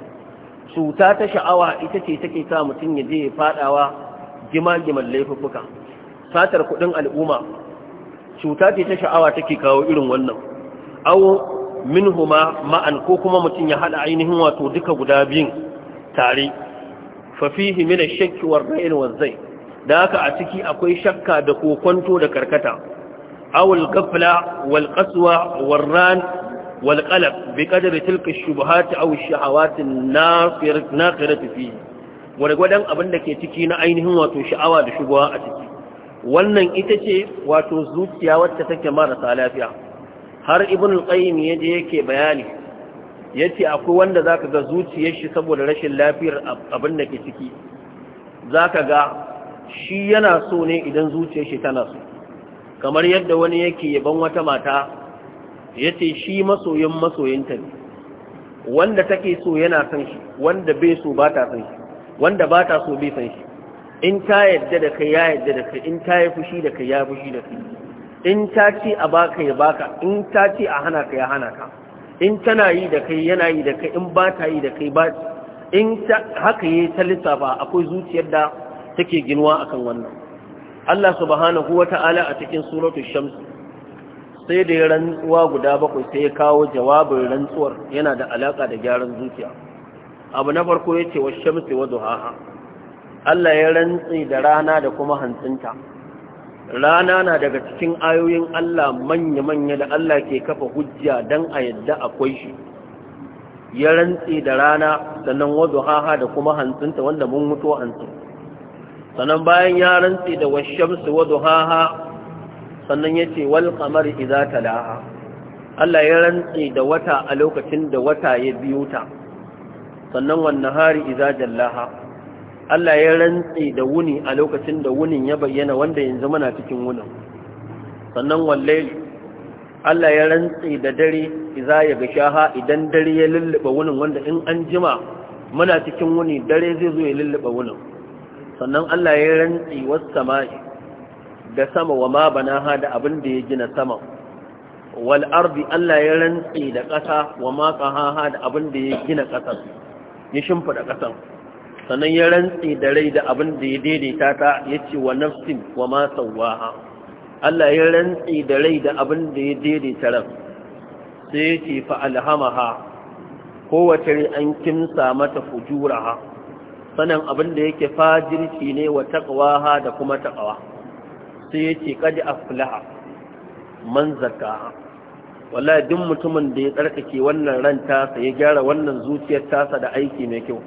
Speaker 1: cuta ta sha'awa ita ce take sa mutum ya je ya fadawa gima-giman laifuka, satar kuɗin al'umma cuta ce ta sha'awa take kawo irin wannan aw minhuma ma'an ko kuma mutum ya hada ainihin wato duka guda biyun tare fa fihi min ash-shakk war-ra'y zay da haka a ciki akwai shakka da kokonto da karkata aw al-ghafla wal-qaswa wal ran wal-qalb bi qadri tilka ash-shubuhat aw ash-shahawat an-naqirah gwargwadon abin da ke ciki na ainihin wato sha'awa da a ciki wannan ita ce wato zuciya wacce take marasa lafiya har ibn al-qayyim yaje yake bayani yace akwai wanda zaka ga zuciyar shi saboda rashin lafiyar abin da ke ciki zaka ga shi yana so ne idan zuciyar shi tana so kamar yadda wani yake yaban wata mata yace shi masoyin masoyinta ne wanda take so yana san shi wanda bai so ba ta san shi wanda ba ta so bai san shi in ta yadda da kai ya yadda da kai in ta yi fushi da kai ya fushi da kai in ta ce a baka ya baka in ta ce a hana ka ya hana ka in tana yi da kai yana yi da kai in ba ta yi da kai ba in haka yi ta lissafa akwai zuciyar da take ginuwa akan wannan Allah subhanahu wata'ala a cikin suratul shams sai da ya rantsuwa guda bakwai sai ya kawo jawabin rantsuwar yana da alaka da gyaran zuciya abu na farko yace wa shamsi wa duhaha Allah ya rantsi da rana da kuma hantsinta rana na daga cikin ayoyin Allah manya-manya da Allah ke kafa hujja don a yadda akwai shi ya rantse da rana sannan wazo haha da kuma hantsinta wanda mun mutu hantsin sannan bayan ya rantse da washamsu wazo haha sannan ya ce wal kamar iza laha. Allah ya rantse da wata a lokacin da wata ya biyo ta sannan wannan hari iza jallaha Allah ya rantse da wuni a lokacin da wunin ya bayyana wanda yanzu muna cikin wunin sannan wallahi Allah ya rantse da dare iza ya shaha idan dare ya lulluba wunin wanda in an jima muna cikin wuni dare zai zo ya lulluba wunin sannan Allah ya rantse was sama'i da sama wa ma banaha da abin da ya gina sama wal ardi Allah ya rantsi da ƙasa wa ma qahaha da abin da ya gina ƙasar ya shimfida kasa sannan ya rantsi da rai da abin da ya daidaita ta ya ce wa nafsin wa ma Allah ya rantsi da rai da abin da ya daidaita ran sai ya ce fa alhamaha kowace rai an kimsa mata fujuraha sanan abin da yake fajirci ne wa taqwaha da kuma taqwa sai ya ce qad aflaha man zaka wallahi duk mutumin da ya tsarkake wannan ran tasa ya gyara wannan zuciyar tasa da aiki mai kyau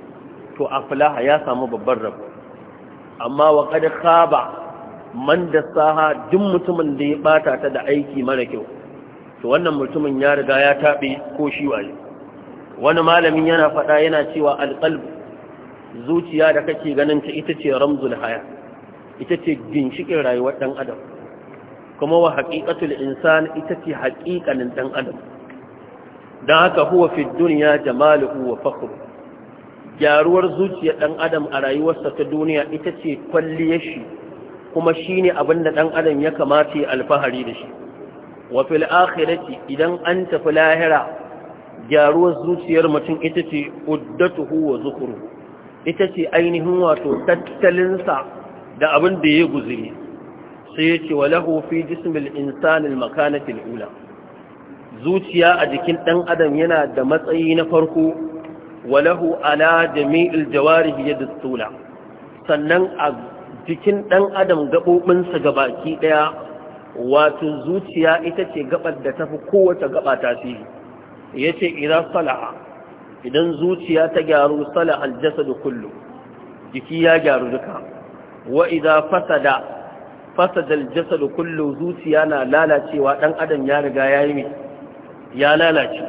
Speaker 1: to aflaha ya samu babban rabo amma wa kada khaba man da saha duk mutumin da ya bata ta da aiki mara kyau to wannan mutumin ya riga ya tabe ko shi waye wani malamin yana faɗa yana cewa alqalb zuciya da kake ganin ta ita ce ramzul haya ita ce ginshikin rayuwar dan adam kuma wa haqiqatul insan ita ce haqiqanin dan adam Don haka huwa fi dunya jamaluhu wa fakhruhu gyaruwar zuciyar ɗan adam a rayuwarsa ta duniya ita ce kwalliyar shi kuma shi ne abin da ɗan adam ya kamata ya alfahari da shi wa fil akhirati idan an tafi lahira gyaruwar zuciyar mutum ita ce uddatuhu wa zukuru ita ce ainihin wato tattalinsa da abin da ya guzuri sai ya ce wa lahofi fi jismil insanil makanatil ula zuciya a jikin ɗan adam yana da matsayi na farko walahu ala jami'il Jawari yadda tula sannan a jikin ɗan adam gaɓoɓinsa gabaki ɗaya wato zuciya ita ce gaɓar da tafi kowace gaɓa tasiri ya ce idan sala'a idan zuciya ta gyaru aljasa da kullu jiki ya gyaru duka wa idan fasada fasadal da kullu zuciya na lalacewa ɗan adam ya riga ya yi ya lalace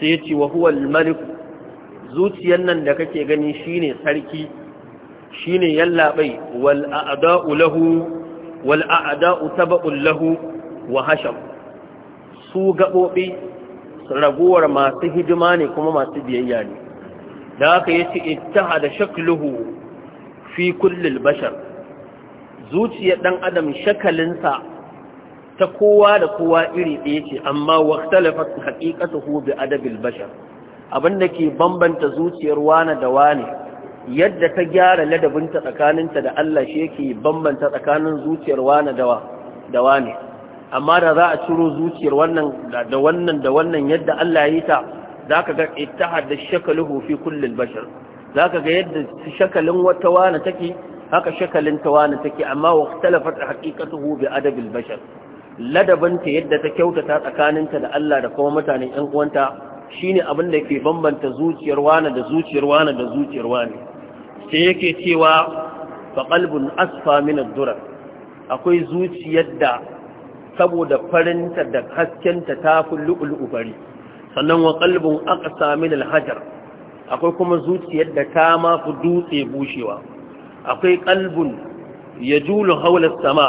Speaker 1: sai ya ce wa huwal zuciyar nan da kake gani shine sarki shine yallabai wal a'da'u lahu wal a'da'u tab'un lahu wa hasham su gabobi raguwar masu hidima ne kuma masu biyayya ne da haka yace ittahada shakluhu fi kulli bashar zuciyar dan adam shakalinsa ta kowa da kowa iri ɗaya ce amma waqtalafat haqiqatuhu bi adabil bashar abin da ke bambanta zuciyar wane da wane yadda ta gyara ladabinta tsakaninta da Allah shi yake bambanta tsakanin zuciyar wane da wane amma da za a ciro zuciyar wannan da wannan da wannan yadda Allah ya yi ta za ka ga ittihad da shakaluhu fi kullil bashar za ka ga yadda shakalin wata wane take haka shakalin ta wane take amma waqtalafat haqiqatuhu bi adabil bashar ladabinta yadda ta kyautata tsakaninta da Allah da kuma mutanen ƴan uwanta shine abin da ke bambanta zuciyar wani da zuciyar wani da zuciyar wani sai yake cewa fa qalbun asfa min ad-durar akwai zuciyar da saboda farinta da haskenta ta kullu bari, sannan wa qalbun aqsa min al-hajar akwai kuma zuciyar da ta ma dutse bushewa akwai qalbun yajulu hawla as-sama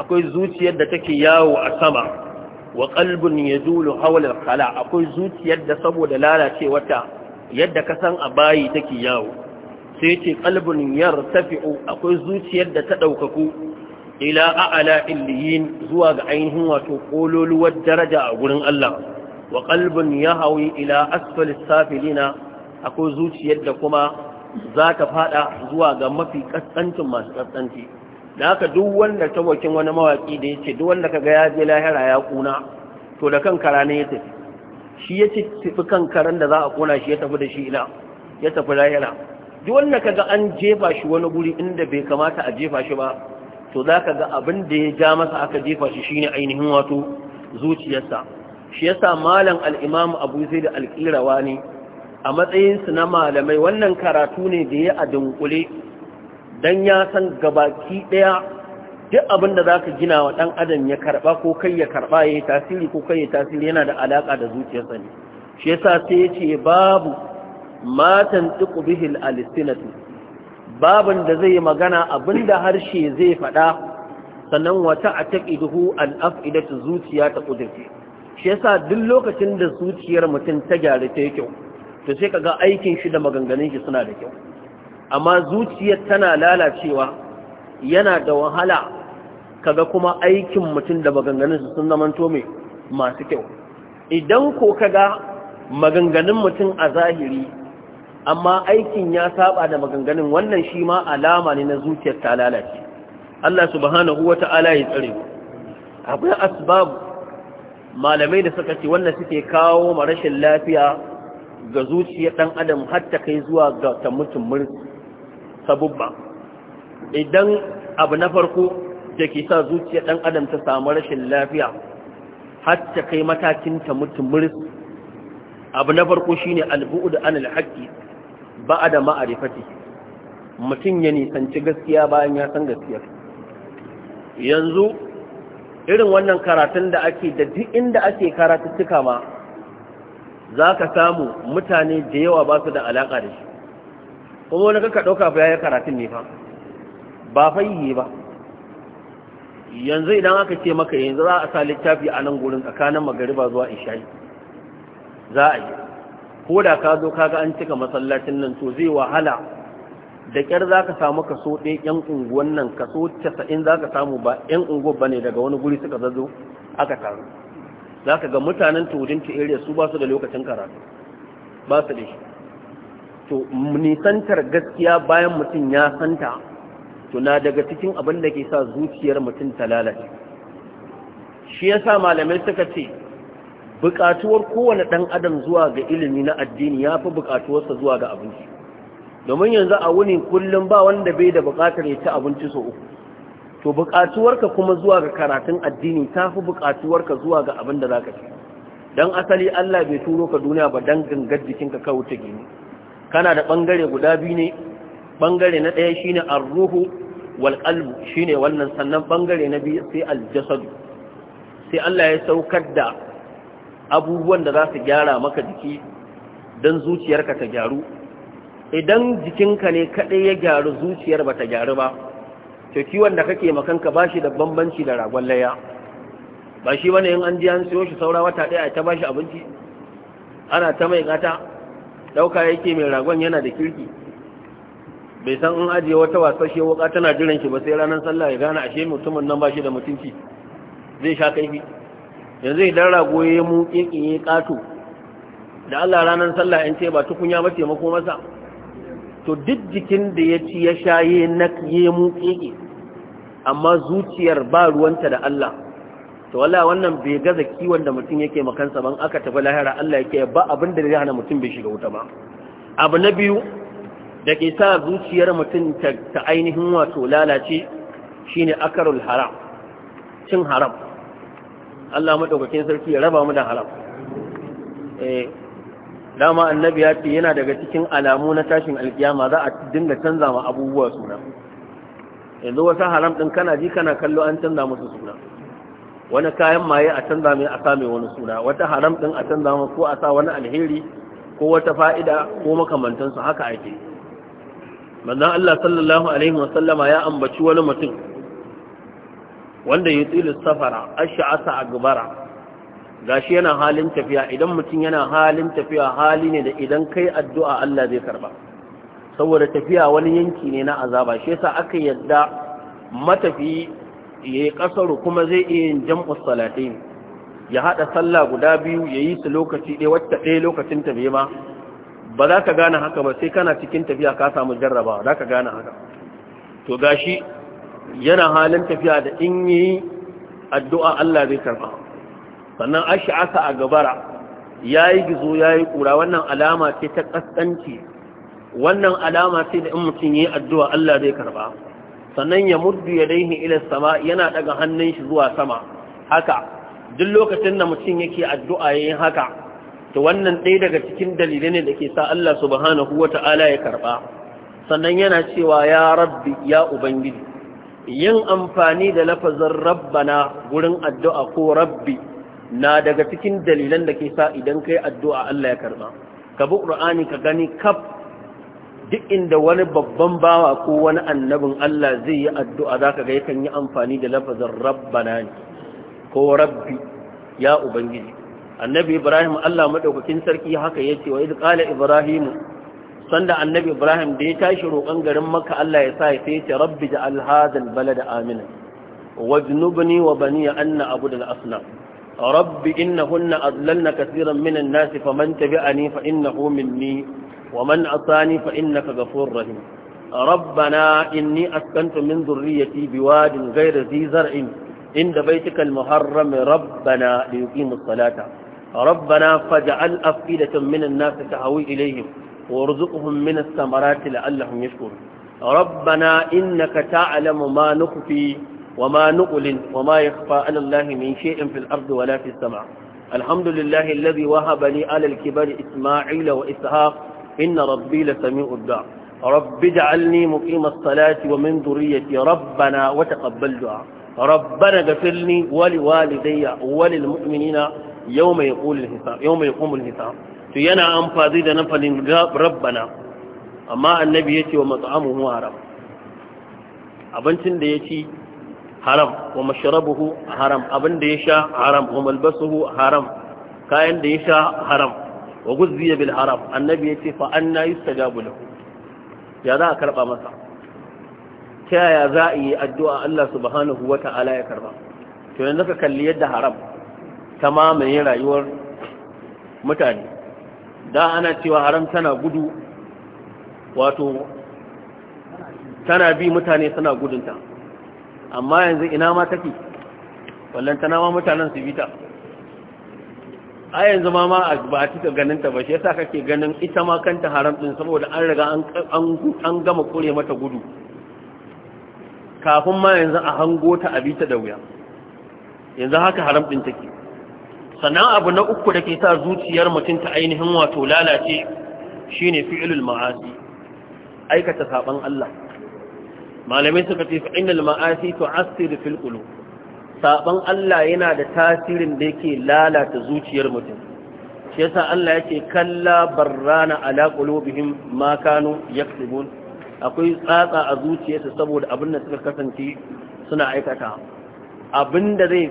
Speaker 1: akwai zuciyar da take yawo a sama wa ƙalbin ya hawla al kala akwai zuciyar da saboda lalacewata yadda ka san a bayi take yawo sai ce yar tafi'u akwai zuciyar da ta ɗaukaku. ila a'la illiyin zuwa ga ainihin wato ƙololuwar daraja a gurin Allah wa ya yahawi ila asfali safilina akwai zuciyar da kuma za ta fada zuwa ga mafi kaskancin masu kaskanci da haka duk wanda ta wani mawaki da yace duk wanda kaga ya je lahira ya kuna to da kan kara ne ya tafi shi ya tafi kan karan da za a kuna shi ya tafi da shi ila ya tafi lahira duk wanda kaga an jefa shi wani guri inda bai kamata a jefa shi ba to za ka ga abin da ya ja masa aka jefa shi shine ainihin wato zuciyarsa shi yasa malam al-imam Abu Zaid al-Qirawani a matsayinsu na malamai wannan karatu ne da ya dunkule. dan ya san gabaki daya duk abin da zaka gina wa ɗan adam ya karba ko kai ya karba yayi tasiri ko kai ya tasiri yana da alaka da zuciyarsa ne shi yasa sai yace babu matan tuku bihi al-alsinatu babin da zai magana abinda harshe zai faɗa sannan wata a ataqiduhu al-afidatu zuciya ta kudurce shi yasa duk lokacin da zuciyar mutum ta gyara ta kyau to sai kaga aikin shi da maganganun shi suna da kyau amma zuciyar tana lalacewa yana da wahala kaga kuma aikin mutum da maganganunsa sun zamanto mai masu kyau idan ko kaga maganganun mutum a zahiri amma aikin ya saba da maganganun wannan shi ma alama ne na zuciyar ta lalace Allah subhanahu wata'ala ya tsare akwai asbab malamai da suka ce wannan suke kawo ma rashin lafiya ga zuciyar dan adam har ta kai zuwa ga ta mutum murci sabubba idan abu na farko da ke sa zuciya ɗan adam ta samu rashin lafiya har ta kai matakin ta mutu muris abu na farko shine albu'ud an alhaqi da ma'rifati mutum ya nisanci gaskiya bayan ya san gaskiya yanzu irin wannan karatun da ake da duk inda ake karatuttuka ma za ka samu mutane da yawa ba su da alaƙa da shi kuma wani kanka ɗauka fa yayi karatun ne fa ba fayye ba yanzu idan aka ce maka yanzu za a sa littafi a nan gurin tsakanin magariba zuwa isha'i za a yi ko da ka zo kaga an cika masallacin nan to zai wahala da ƙyar za ka samu kaso ɗaya ƴan unguwan nan kaso casa'in za ka samu ba ƴan unguwa ba ne daga wani guri suka zazzo aka taru za ka ga mutanen tudinci area su ba su da lokacin karatu ba su da shi to nisantar gaskiya bayan mutum ya santa to na daga cikin abin da ke sa zuciyar mutum ta lalace shi yasa malamai suka ce bukatuwar kowane ɗan adam zuwa ga ilimi na addini ya fi bukatuwarsa zuwa ga abinci domin yanzu a wuni kullum ba wanda bai da bukatar ya ci abinci so uku to bukatuwarka kuma zuwa ga karatun addini ta fi bukatuwarka zuwa ga abin da za ka ci don asali allah bai turo ka duniya ba don gangar jikinka kawo ta gini kana da bangare guda biyu ne bangare na ɗaya shine ar-ruhu wal qalbu shine wannan sannan bangare na biyu sai al sai Allah ya saukar da abubuwan da za su gyara maka jiki don zuciyarka ta gyaru idan jikinka ne kaɗai ya gyaru zuciyar ba ta gyaru ba to kiwon da kake makanka ba shi da bambanci da ragon laya ba shi bane in an ji an siyo shi saura wata ɗaya ta ba shi abinci ana ta mai gata ɗauka yake mai ragon yana da kirki bai san in ajiye wata wasashe wuka tana jiran shi ba sai ranar sallah ya gane ashe mutumin nan bashi da mutunci zai sha kaifi yanzu idan rago ya mu kinkin ya kato da Allah ranar sallah in ce ba tukunya ba taimako masa to duk jikin da ya ci ya sha ya na ya mu amma zuciyar ba ruwanta da Allah to wallahi wannan bai gaza kiwon da mutum yake makansa ban aka tafi lahira Allah yake ba abin da zai hana mutum bai shiga wuta ba abu na biyu da ke sa zuciyar mutum ta ainihin wato lalace shine akarul haram cin haram Allah madaukakin sarki ya raba mu da haram eh dama annabi ya ce yana daga cikin alamu na tashin alkiyama za a dinga canza ma abubuwa suna yanzu wasu haram din kana ji kana kallo an canza musu suna wani kayan maye a canza mai a same wani suna wata haram din a canza mai ko a sa wani alheri ko wata fa'ida ko makamantansu haka ake manzon Allah sallallahu alaihi wasallama ya ambaci wani mutum wanda ya tsili safara a agbara gashi yana halin tafiya idan mutum yana halin tafiya hali ne da idan kai addu'a Allah zai karba saboda tafiya wani yanki ne na azaba shi yasa aka yadda matafi yayi ƙasaru kuma zai iya yin jam'u salatain ya haɗa sallah guda biyu ya yi su lokaci ɗaya wata ɗaya lokacin ta ba ba za ka gane haka ba sai kana cikin tafiya ka samu jarraba za ka gane haka to gashi yana halin tafiya da in yi addu'a Allah zai karba sannan ash'asa a gabara ya yi gizo ya yi ƙura, wannan alama ce ta kaskanci wannan alama ce da in mutum yi addu'a Allah zai karɓa. sannan ya muddu ya daihi ilis sama yana daga hannun shi zuwa sama haka duk lokacin da mutum yake addu'a yayin haka to wannan ɗaya daga cikin dalilai ne da ke sa Allah subhanahu ta'ala ya karba sannan yana cewa ya rabbi ya ubangiji yin amfani da lafazin rabbana wurin addu'a ko rabbi na daga cikin dalilan da ke sa idan kai addu'a Allah ya karba ka bi ƙur'ani ka gani kaf duk inda wani babban bawa ko wani annabin Allah zai yi addu'a za ka ga yakan yi amfani da lafazin rabbana ne ko rabbi ya ubangiji annabi ibrahim Allah maɗaukakin sarki haka ya ce wa idu ƙala sanda annabi ibrahim da ya tashi roƙon garin maka Allah ya sa ya sai ce rabbi da alhazan balada amina wajnubni wa bani anna abu da asnam rabbi hunna adlalna kasiran minan nasi faman tabi'ani fa innahu minni ومن أطاني فإنك غفور رحيم ربنا إني أسكنت من ذريتي بواد غير ذي زرع عند بيتك المحرم ربنا ليقيموا الصلاة ربنا فاجعل أفئدة من الناس تهوي إليهم وارزقهم من الثمرات لعلهم يشكرون ربنا إنك تعلم ما نخفي وما نقل وما يخفى على الله من شيء في الأرض ولا في السماء الحمد لله الذي وهب لي على الكبر إسماعيل وإسحاق inna rabbi la sami'ud du'a rabbi ja'alni muqimas salati wa min dhurriyyati rabbana wa taqabbal du'a rabbana ghfirli wa li walidayya wa lil mu'minina yawma yaqul hisab yawma yaqumul hisab to yana amfani da nafalin rabbana amma annabi yace wa mat'amuhu haram abincin da ya ci haram wa mashrabuhu haram abin da ya sha haram wa haram kayan da ya sha haram wa guzziya bil haram annabi yace fa anna yustajabu lahu ya za a karba masa ta yaya za a yi addu'a Allah subhanahu wata'ala ya karba to yanzu ka kalli yadda haram ta rayuwar mutane da ana cewa haram tana gudu wato tana bi mutane suna gudunta amma yanzu ina ma take wallantana ma mutanen su bita a yanzu ma ma ba a cika ganin ta ba shi yasa kake ganin ita ma kanta haram din saboda an riga an gama kure mata gudu kafin ma yanzu a hango ta a bita da wuya yanzu haka haram din take sannan abu na uku da ke sa zuciyar mutum ta ainihin wato lalace shine fi'ilul ma'asi aikata saban Allah malamai suka ce fa innal ma'asi tu'assiru fil qulub saban Allah yana da tasirin da yake lalata zuciyar mutum shi yasa Allah yake kalla barrana ala qulubihim ma kanu yaktubun akwai tsatsa a zuciyarsa saboda abin da suka kasance suna aikata abinda zai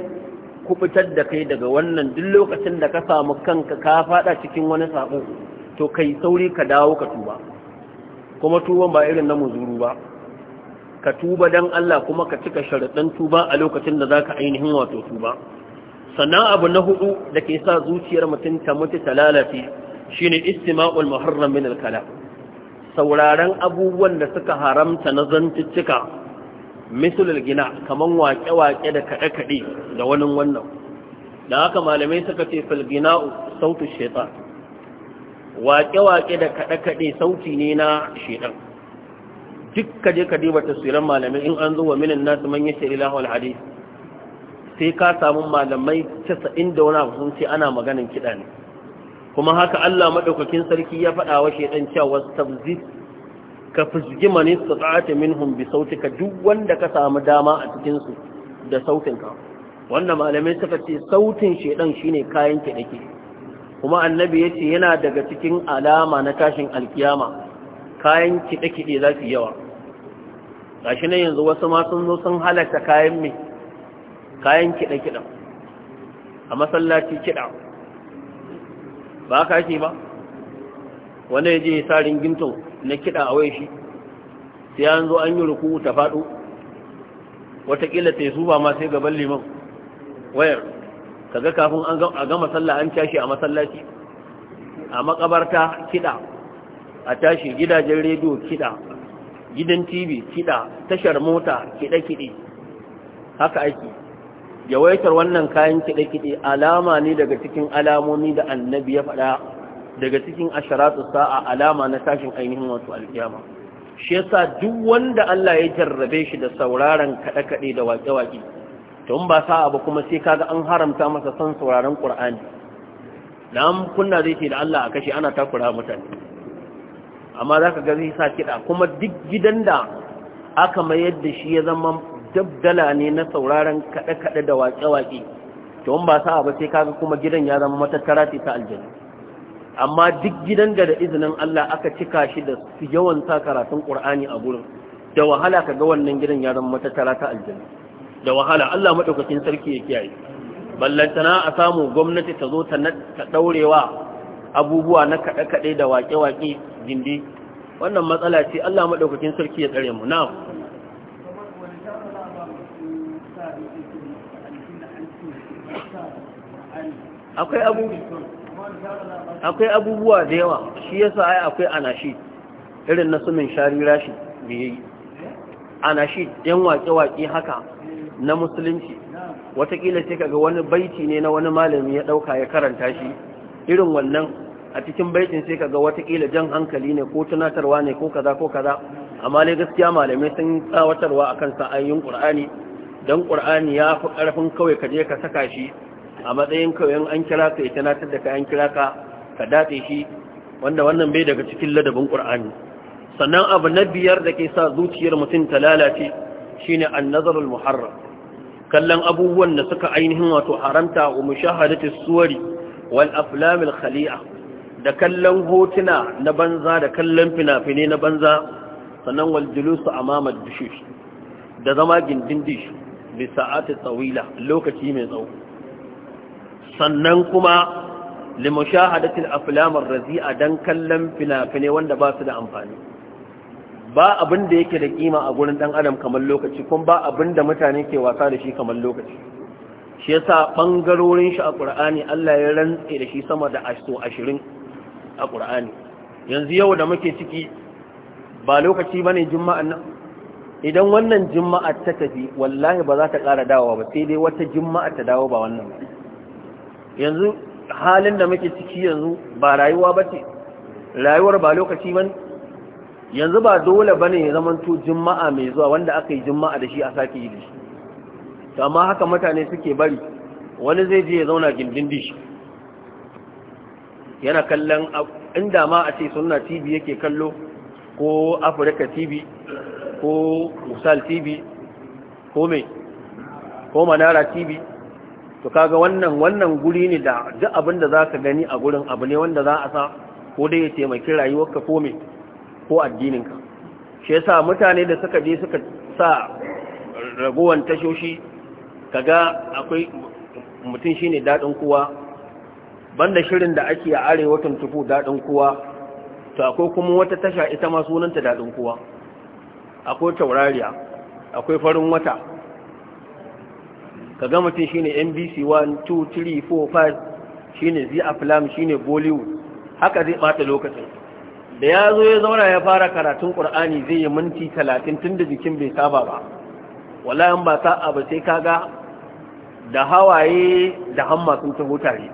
Speaker 1: kubutar da kai daga wannan duk lokacin da ka samu kanka ka fada cikin wani sabo to kai sauri ka dawo ka tuba kuma tuban ba irin na muzuru ba ka tuba dan Allah kuma ka cika sharaɗin tuba a lokacin da za ka ainihin wato tuba sannan abu na hudu da ke sa zuciyar mutum ta mutu ta lalace shine istima'ul muharram min al Sauraren abubuwan da suka haramta na zantuttuka misalul gina kamar waƙe-waƙe da kaɗe-kaɗe da wani wannan da haka malamai suka ce filgina'u sautu shaitan waƙe-waƙe da kaɗe-kaɗe sauti ne na shaitan duk ka je ka diba tafsiran malamai in an zo wa minan nasu man yace ilahu alhadith sai ka samu malamai 90 inda wani abu sun ce ana maganin kiɗa ne kuma haka Allah maɗaukakin sarki ya faɗa wa shedan cewa wastabzid ka fizgi man istata'ata minhum bi sautika duk wanda ka samu dama a cikin su da ka. Wannan malamai suka ce sautin shedan shine kayan dake kuma annabi yace yana daga cikin alama na tashin alkiyama kayan kiɗe-kiɗe za su yawa gashi nan yanzu wasu ma sun zo sun halatta kayan mai kayan kiɗa-kiɗa a masallaci kiɗa ba ka shi ba wanda ya je sa ringinto na kiɗa a wai shi sai an zo an yi ruku ta faɗo watakila ta yi zuba ma sai gaban liman wayar kaga kafin a gama sallah an tashi a masallaci a makabarta kiɗa a tashi gidajen rediyo kiɗa gidan tv kiɗa tashar mota kiɗe-kiɗe haka ake yawaitar wannan kayan kiɗe-kiɗe alama ne daga cikin alamomi da annabi ya faɗa daga cikin asharatu sa'a alama na tashin ainihin wato alkiyama shi yasa duk wanda Allah ya jarrabe shi da sauraron kaɗe-kaɗe da waƙe-waƙe tun ba sa'a ba kuma sai kaga an haramta masa son sauraron Qur'ani na kunna zai ce da Allah a kashe ana takura mutane amma za ka gani sa kiɗa kuma duk gidan da aka mayar da shi ya zama dabdala ne na sauraron kaɗe-kaɗe da waƙe-waƙe to ba sa ba sai kaga kuma gidan ya zama matattara ce ta aljanna amma duk gidan da da izinin Allah aka cika shi da yawan sa karatun Qur'ani a gurin da wahala kaga wannan gidan ya zama matattara ta aljanna da wahala Allah madaukakin sarki ya kiyaye ballantana a samu gwamnati ta zo ta daurewa abubuwa na kaɗe-kaɗe da waƙe-waƙe gindi wannan matsala ce Allah maɗaukakin sarki ya tsare mu na akwai abubuwa da yawa shi yasa ai akwai anashi irin na sumin sharira shi me yayi anashi yan waƙe-waƙe haka na musulunci watakila sai kaga wani baiti ne na wani malami ya ɗauka ya karanta shi irin wannan a cikin baitin sai kaga watakila jan hankali ne ko tunatarwa ne ko kaza ko kaza amma dai gaskiya malamai sun tsawatarwa akan sa'ayin qur'ani dan qur'ani ya fi karfin kawai ka je ka saka shi a matsayin kawai an kira ka ya tunatar da ka an kira ka ka dace shi wanda wannan bai daga cikin ladabin qur'ani sannan abu na biyar da ke sa zuciyar mutum ta lalace shine an muharram kallon abubuwan da suka ainihin wato haramta wa mushahadatu suwari wal aflamil khali'a da kallon hotuna na banza da kallon fina-finai na banza sannan waljulusu a mamad dishish da zama gindin dish bisa'ati tsawila lokaci mai tsawo sannan kuma limushahadatil afilamar razi'a dan kallon fina-finai wanda ba su da amfani ba abin da yake da kima a gurin dan adam kamar lokaci kuma ba abin da mutane ke wasa da shi kamar lokaci shi yasa bangarorin shi a ƙur'ani Allah ya rantse da shi sama da aso 20 a ƙur'ani yanzu yau da muke ciki ba lokaci ba ne juma'a nan idan wannan juma'a ta tafi wallahi ba za ta ƙara dawowa ba sai dai wata juma'a ta dawo ba wannan yanzu halin da muke ciki yanzu ba rayuwa ba ce rayuwar ba lokaci ba yanzu ba dole ba ne to juma'a mai zuwa wanda aka yi juma'a da shi a sake yi da shi amma haka mutane suke bari wani zai je ya zauna gindin dishi yana kallon inda ma a ce suna tv yake kallo ko afirka tv ko musal tv ko mai ko manara tv to kaga wannan wannan guri ne da duk abin za ka gani a gurin abu ne wanda za a sa ko dai ya taimaki rayuwarka ko mai ko addininka shi yasa mutane da suka je suka sa ragowar tashoshi kaga akwai mutum shine daɗin kowa banda shirin da ake a arewa tufu daɗin kowa to akwai kuma wata tasha ita ma sunanta daɗin kowa akwai taurariya akwai farin wata ka ga mutum shine nbc 1 2 3 4 5 shine zia flam shine bollywood haka zai bata lokacin da ya zo ya zauna ya fara karatun ƙur'ani zai yi minti talatin tun da jikin bai saba ba wallahi ba sa'a ba sai kaga da hawaye da hamma sun taho tare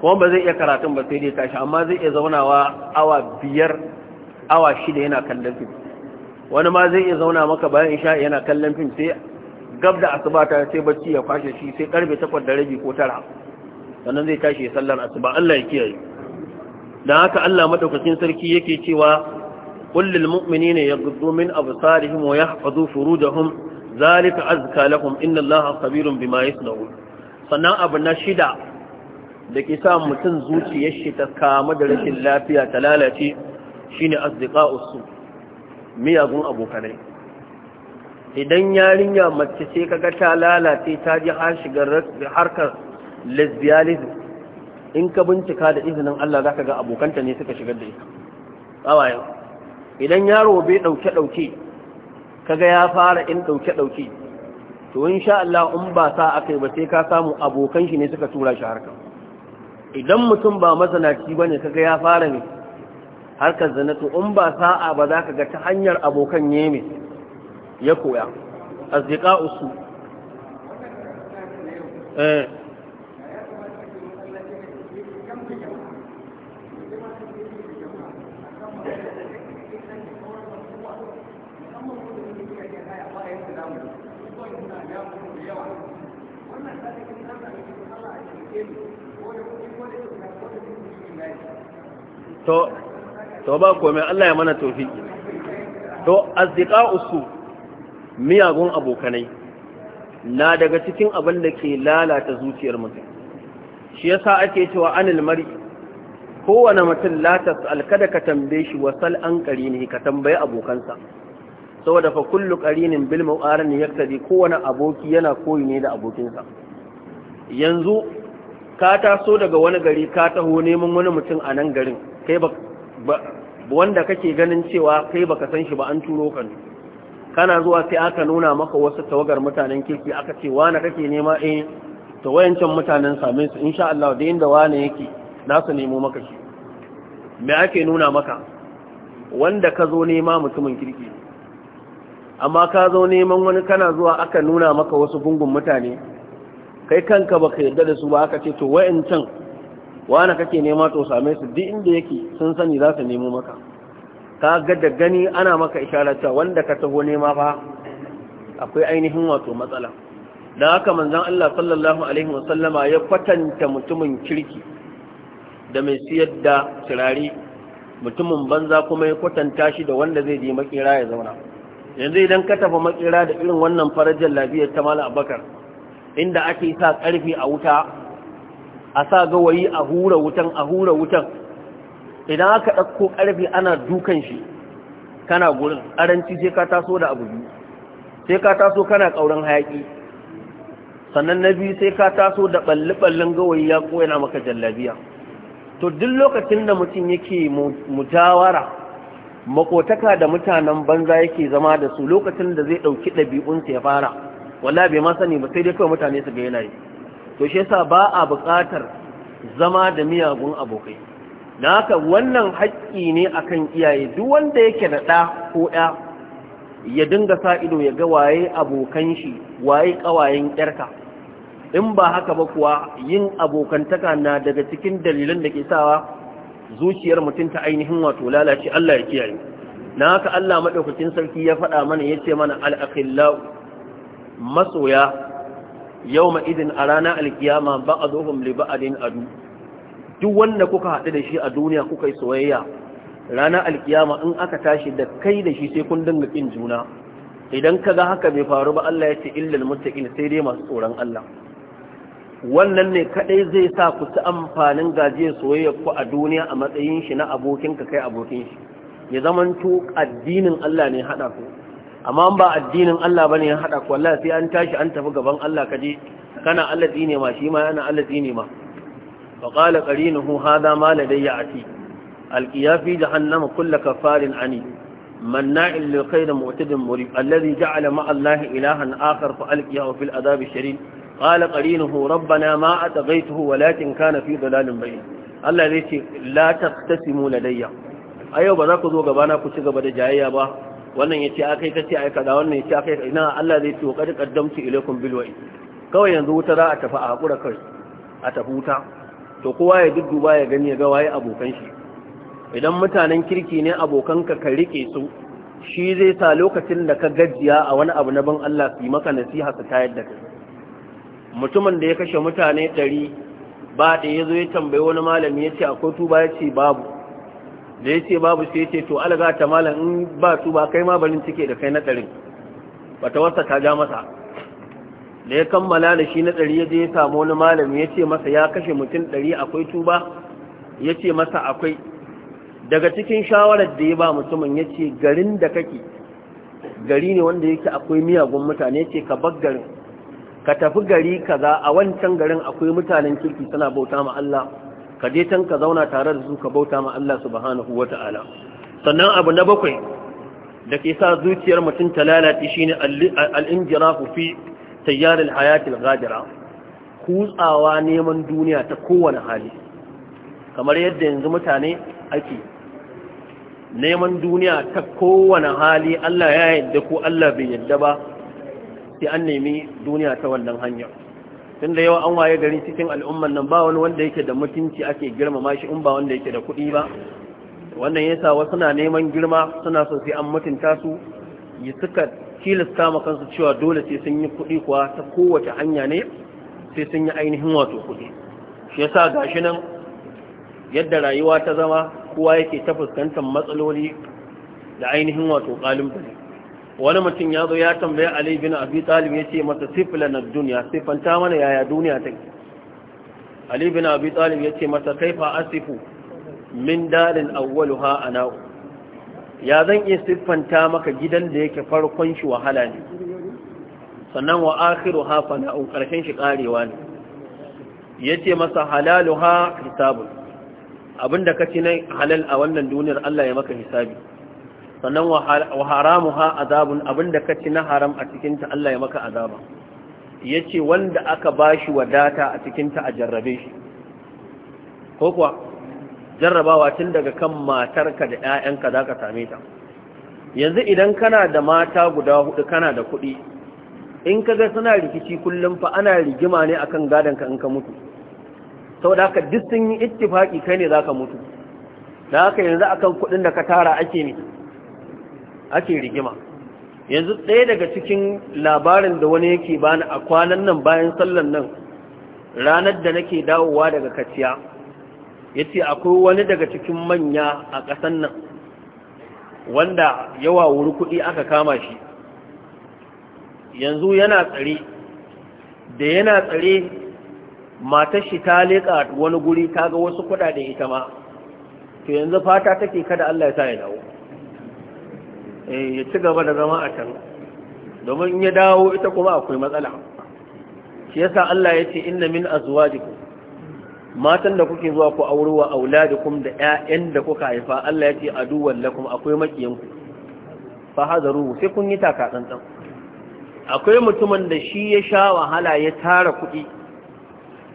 Speaker 1: kuma ba zai iya karatun ba sai dai tashi amma zai iya zaunawa awa biyar awa shida yana kallon fim wani ma zai iya zauna maka bayan isha yana kallon fim sai gab da asuba ta sai bacci ya kwashe shi sai karfe takwas da rabi ko tara sannan zai tashi ya sallar asuba Allah ya kiyaye dan haka Allah madaukakin sarki yake cewa qul lil mu'minina yaghuddu min absarihim wa yahfazu furujahum zalika azka lahum inna Allaha khabirun bima yasnaun sannan abu na shida da ke sa mutum zuciyar shi ta kama da rashin lafiya ta lalace shine usu miyagun abokanai idan yarinya mace ce kaga ta lalace ta ji har shigar harkar lesbianism in ka bincika da izinin Allah za ka ga abokanta ne suka shigar da ita tsawaye idan yaro bai dauke dauke kaga ya fara in dauke dauke to insha Allah in ba sa akai ba sai ka samu abokan shi ne suka tura shi harkar idan mutum ba mazanaci bane kaga ya fara ne harkar zanatu in ba sa'a ba za ka ga ta hanyar abokan yemi ya koya azziqa usu eh. to to ba komai Allah ya mana tofiki to azdiqa usu miyagun abokanai na daga cikin abin da ke lalata zuciyar mutum shi yasa ake cewa anil mari kowane mutum latas alkada ka tambaye shi wasal an ne ka tambaye abokansa saboda fa kullu qarinin bil mu'arani yaktabi kowane aboki yana koyi ne da abokinsa yanzu ka taso daga wani gari ka taho neman wani mutum a nan garin kai ba wanda kake ganin cewa kai baka san shi ba an turo ka kana zuwa sai aka nuna maka wasu tawagar mutanen kirki aka ce wane kake nema eh to wayancan mutanen same su insha Allah da inda wane yake na su nemo maka shi me ake nuna maka wanda ka zo nema mutumin kirki amma ka zo neman wani kana zuwa aka nuna maka wasu gungun mutane kai kanka baka yarda da su ba aka ce to wayancan wani kake nema to same su duk inda yake sun sani za su nemo maka ka ga da gani ana maka isharata wanda ka taho nema fa akwai ainihin wato matsala da haka manzon Allah sallallahu alaihi wasallama ya kwatanta mutumin kirki da mai siyar da turare mutumin banza kuma ya kwatanta shi da wanda zai je makera ya zauna yanzu idan ka tafi makera da irin wannan farajin lafiyar ta mala abakar inda ake sa karfi a wuta a sa gawayi a hura wutan a hura wutan idan aka ɗauko ƙarfi ana dukan shi kana gurin ƙaranci sai ka taso da abu biyu sai ka taso kana ƙaurin hayaƙi sannan na biyu sai ka taso da ɓalli-ɓallin gawayi ya koyana maka jallabiya to duk lokacin da mutum yake mujawara makotaka da mutanen banza yake zama da su lokacin da zai ɗauki ɗabi'unsa ya fara wala bai ma sani ba sai dai kawai mutane su ga yana to shi yasa ba a buƙatar zama da miyagun abokai na haka wannan haƙƙi ne akan iyaye duk wanda yake da ɗa ko ɗa ya dinga sa ido ya ga waye abokan shi waye ƙawayen ƙyarka in ba haka ba kuwa yin abokantaka na daga cikin dalilan da ke sawa zuciyar mutum ta ainihin wato lalace Allah ya kiyaye na haka Allah madaukakin sarki ya faɗa mana yace mana al-akhillau masoya Yau maidin a ranar alkiyama ba ba'aduhum li ba'adin adu duk wanda kuka haɗu da shi a duniya kuka yi soyayya ranar alkiyama in aka tashi da kai da shi sai kun dinga kin juna idan ka ga haka bai faru ba Allah ya ce illal muttaqin sai dai masu tsoron Allah wannan ne kadai zai sa ku ci amfanin gajiyar soyayya ku a duniya a matsayin shi na abokin ka kai abokin shi ya zamanto addinin Allah ne hada ku amma ba addinin Allah bane ya haɗa, ku wallahi sai an tashi an tafi gaban Allah je. kana Allah dine ma shi ma yana Allah dine ma fa qala qarinuhu hadha ma ladayya ati alqiya fi jahannam kull kafarin ani manna'il lil khayr mu'tadin murib alladhi ja'ala ma Allah ilahan akhar fa alqiyahu fil adab ash-sharin qala qarinuhu rabbana ma ataghaytuhu walakin kana fi dalalin bayn Allah ya ce la taqtasimu ladayya ayo ba za ku zo gabana ku ci gaba da jayayya ba wannan yace akai kace ai kaza wannan yace kai ina Allah zai ce wa qad qaddamtu ilaykum bil kawai yanzu wuta za a tafi a hakura kai a tafi wuta to kowa ya dudduba ya gani ya ga waye abokan shi idan mutanen kirki ne abokanka ka rike su shi zai sa lokacin da ka gajiya a wani abu na ban Allah su yi maka nasiha su tayar da kai mutumin da ya kashe mutane ɗari ba da ya zo ya tambayi wani malami ya ce akwai tuba ya ce babu da ya ce babu sai ce to alaga ta malam in ba su ba kai ma barin cike da kai na tsarin. ba ta wasa ta ja masa da ya kammala da shi na ɗari ya je ya samu wani malami ya ce masa ya kashe mutum ɗari akwai tuba ya ce masa akwai daga cikin shawarar da ya ba mutumin ya ce garin da kake gari ne wanda yake akwai miyagun mutane ce ka bar garin ka tafi gari kaza a wancan garin akwai mutanen kirki suna bauta ma Allah ka je can ka zauna tare da su ka bauta ma Allah subhanahu wata'ala sannan abu na bakwai da ke sa zuciyar mutum ta lalace shine al-injirafu fi tayyar al-hayat al-ghadira kutsawa neman duniya ta kowane hali kamar yadda yanzu mutane ake neman duniya ta kowane hali Allah ya yarda ko Allah bai yadda ba sai an nemi duniya ta wannan hanyar tun da yawa an waye gari cikin al'umman nan ba wani wanda yake da mutunci ake girmama shi in ba wanda yake da kuɗi ba wannan yasa wasu na neman girma suna so sai an mutunta su yi suka tilasta ma kansu cewa dole sai sun yi kuɗi kuwa ta kowace hanya ne sai sun yi ainihin wato kuɗi shi yasa gashi nan yadda rayuwa ta zama kowa yake ta fuskantar matsaloli da ainihin wato ƙalubale wani mutum ya zo ya tambaya Ali bin Abi Talib ya ce masa sifila na duniya sifanta mana yaya duniya ke Ali bin Abi Talib ya ce masa kaifa asifu min dalin awwaluha ana ya zan iya siffanta maka gidan da yake farkon shi wahala ne sannan wa akhiruha fana'un karshen shi karewa ne yace masa halaluha hisabun abinda kace na halal a wannan duniyar Allah ya maka hisabi sannan wa haramuha azabun abinda ka ci na haram a cikin Allah ya maka azaba yace wanda aka bashi wadata a cikin ta a jarrabe shi ko kuwa jarrabawa tun daga kan matarka da ƴaƴanka zaka same ta yanzu idan kana da mata guda hudu kana da kuɗi in kaga suna rikici kullum fa ana rigima ne akan gadonka in ka mutu Sau da sun yi ittifaki kai ne zaka mutu da haka yanzu akan kuɗin da ka tara ake ne ake rigima yanzu ɗaya daga cikin labarin da wani yake bani a kwanan nan bayan sallan nan ranar da nake dawowa daga kaciya ya ce akwai wani daga cikin manya a ƙasan nan wanda yawa wuri kuɗi aka kama shi yanzu yana tsare da yana tsare matar shi ta leƙa wani guri ta ga wasu kuɗaɗe ita ma to yanzu fata take kada Allah ya sa ya dawo Eh, ya ci gaba da zama a can domin ya dawo ita kuma akwai matsala shi yasa Allah ya ce inna min azwajikum matan da kuke zuwa ku aurewa wa auladikum da ƴaƴan da kuka haifa Allah ya ce aduwwan lakum akwai ku. fa hazaru sai kun yi taka tsantsan akwai mutumin da shi ya sha wahala ya tara kuɗi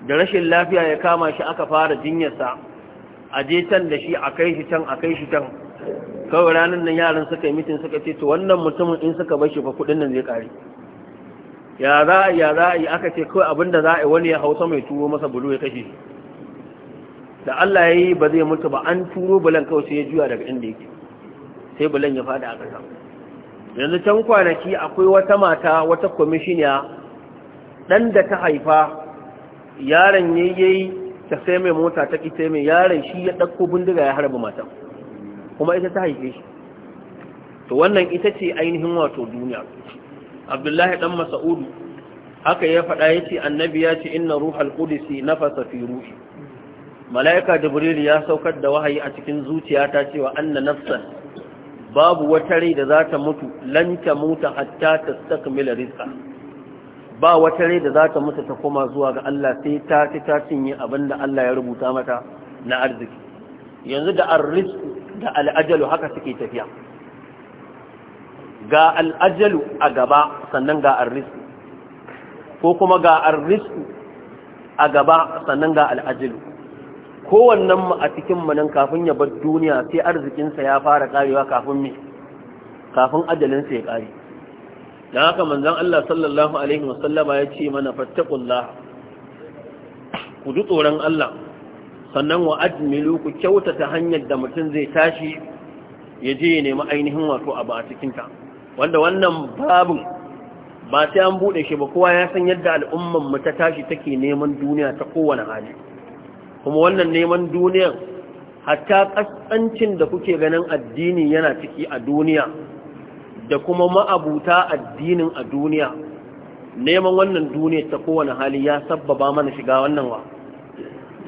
Speaker 1: da rashin lafiya ya kama shi aka fara jinyarsa a je can da shi a kai shi can a kai shi can kawai ranar nan yaran suka yi mitin suka ce to wannan mutumin in suka bashi fa kudin nan zai kare ya za ya za a yi aka ce kawai abinda za a wani ya hausa mai turo masa bulu ya kashe da Allah ya yi ba zai mutu ba an turo bulan kawai sai ya juya daga inda yake sai bulan ya fada a ƙasa yanzu can kwanaki akwai wata mata wata kwamishiniya dan da ta haifa yaron ya yi ta sai mai mota ta ƙi sai mai yaron shi ya ɗauko bindiga ya harba matan kuma ita ta haife shi to wannan ita ce ainihin wato duniya abdullahi dan mas'udu haka ya faɗa yace annabi ya ce inna ruhal qudsi nafasa fi ruhi mala'ika jibril ya saukar da wahayi a cikin zuciya ta cewa anna nafsan babu wata rai da za ta mutu lan ta muta hatta ta rizqa ba wata rai da za ta mutu ta koma zuwa ga Allah sai ta ci ta cinye abinda Allah ya rubuta mata na arziki yanzu da arrisku da al'ajalu haka suke tafiya ga al'ajalu a gaba sannan ga arrisku ko kuma ga arrisku a gaba sannan ga al'ajalu kowannen mu a cikin nan kafin ya bar duniya sai arzikinsa ya fara karewa kafin me kafin ajalinsa ya kare dan haka manzon Allah sallallahu Alaihi wasallama ya ce mana fattaqullah ku ji tsoron Allah sannan wa ajmilu ku kyautata hanyar da mutum zai tashi ya je ya nemi ainihin wato abu a cikinta wanda wannan babu ba sai an buɗe shi ba kowa ya san yadda al'ummar mu ta tashi take neman duniya ta kowane hali kuma wannan neman duniya hatta kasancin da kuke ganin addini yana ciki a duniya da kuma ma'abuta addinin a duniya neman wannan duniya ta kowane hali ya sabbaba mana shiga wannan wa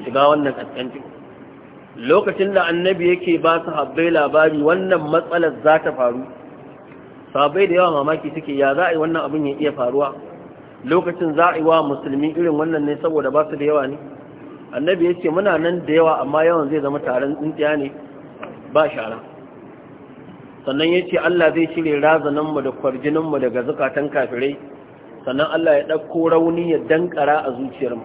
Speaker 1: shiga wannan ƙasƙancin lokacin da annabi yake ba su habbai labari wannan matsalar za ta faru sabai da yawa mamaki suke ya za a yi wannan abin ya iya faruwa lokacin za a yi wa musulmi irin wannan ne saboda ba su da yawa ne annabi ya ce muna nan da yawa amma yawan zai zama taron tsintiya ne ba shara sannan ya ce Allah zai cire razananmu da kwarjininmu daga zukatan kafirai sannan Allah ya ɗauko rauni ya dankara a zuciyarmu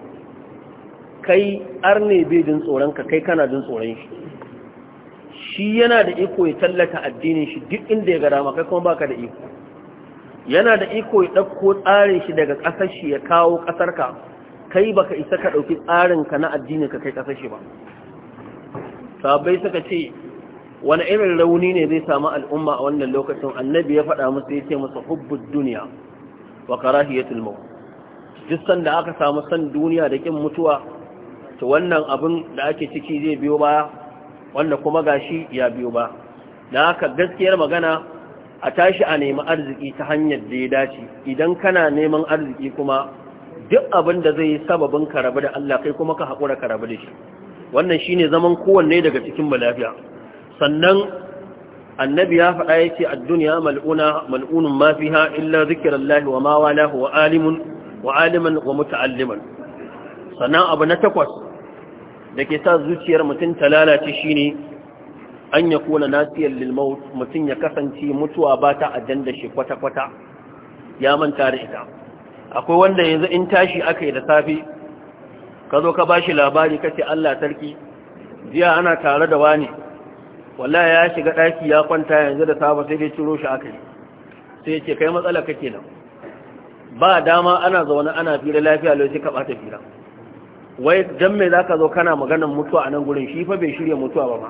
Speaker 1: kai arne bai jin tsoron ka kai kana jin tsoron shi shi yana da iko ya tallata addinin shi duk inda ya ga dama kuma baka da iko yana da iko ya ɗauko tsarin shi daga kasar shi ya kawo kasar ka kai baka isa ka ɗauki tsarin ka na addinin ka kai kasar shi ba sabai suka ce wani irin rauni ne zai samu al'umma a wannan lokacin annabi ya faɗa musu ya ce musu hubbud duniya wa karahiyatul maut duk sanda aka samu san duniya da kin mutuwa to wannan abin da ake ciki zai biyo ba wanda kuma gashi ya biyo ba na haka gaskiyar magana a tashi a nemi arziki ta hanyar da ya dace idan kana neman arziki kuma duk abin da zai yi sababin ka rabu da Allah kai kuma ka haƙura ka da shi wannan shine zaman kowanne daga cikin malafiya sannan annabi ya faɗa ya ce ad mal'una mal'unun ma fiha illa zikrullahi wa ma wa alimun wa aliman wa muta'alliman sannan abu na takwas da ke sa zuciyar mutum ta lalace shine an ya kona nasiyar lilmaut mutum ya kasance mutuwa ba ta ajanda shi kwata-kwata ya manta da ita akwai wanda yanzu in tashi aka yi da safe ka zo ka ba shi labari kace Allah sarki jiya ana tare da wani wallahi ya shiga daki ya kwanta yanzu da safe sai dai ciro shi aka yi sai ce kai matsala kake nan ba dama ana zaune ana fira lafiya lokaci ka bata fira wai dan me zaka zo kana maganar mutuwa a nan gurin shi fa bai shirya mutuwa ba ma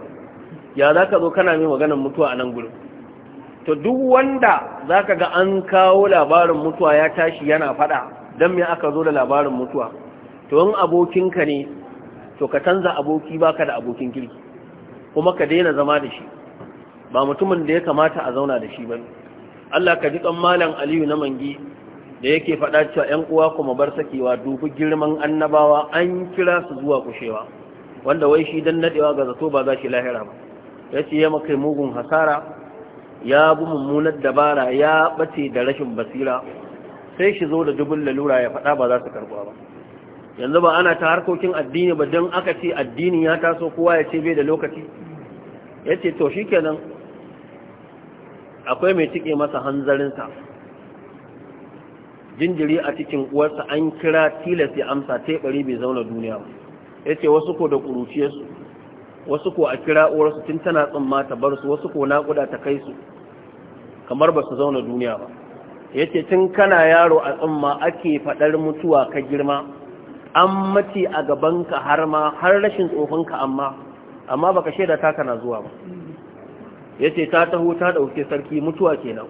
Speaker 1: ya zaka zo kana mai maganar mutuwa a nan gurin to duk wanda zaka ga an kawo labarin mutuwa ya tashi yana faɗa, dan me aka zo da labarin mutuwa to in abokinka ne to ka canza aboki baka da abokin kirki kuma ka daina zama da shi ba mutumin da ya kamata a zauna da shi ba Allah ka ji kan malam Aliyu na mangi da yake faɗa cewa ‘yan uwa kuma bar sakewa dubu girman annabawa an kira su zuwa kushewa wanda wai shi don naɗewa ga zato ba za shi lahira ba ya ce ya makai mugun hasara ya bi mummunar dabara ya ɓace da rashin basira sai shi zo da dubin lalura ya faɗa ba za su karɓa ba yanzu ba ana ta harkokin addini ba don aka ce addini ya taso kowa ya ce bai da lokaci ya ce to shi kenan akwai mai cike masa hanzarinsa jinjiri a cikin uwarsa an kira tilas ya amsa ta bai zauna duniya ba ya ce wasu ko da ƙuruciyarsu wasu ko a kira uwarsu tun tana tsimma ta bar su wasu ko naƙuda ta kai su kamar ba su zauna duniya ba ya ce tun kana yaro a ma ake faɗar mutuwa ka girma an mace a gabanka har ma har rashin tsofinka amma amma baka shaida ta kana zuwa ba ya ce ta taho ta ɗauke sarki mutuwa kenan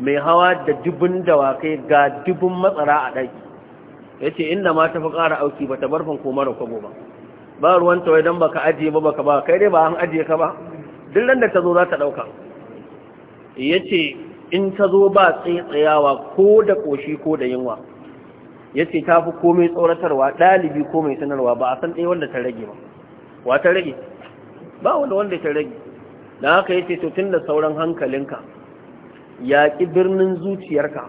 Speaker 1: mai hawa da dubun dawakai ga dubun matsara a ɗaki ya ce inda ma tafi ƙara auki ba ta barfin koma da kwabo ba ba ruwan tawai don baka ajiye ba baka ba kai dai ba an ajiye ka ba duk da ta zo za ta ɗauka ya ce in ta zo ba tsayawa ko da ƙoshi ko da yunwa ya ce ta fi komai tsoratarwa ɗalibi ko mai sanarwa ba a san ɗaya wanda ta rage ba wa ta rage ba wanda wanda ta rage da haka ya ce to tun da sauran hankalinka yaƙi birnin zuciyarka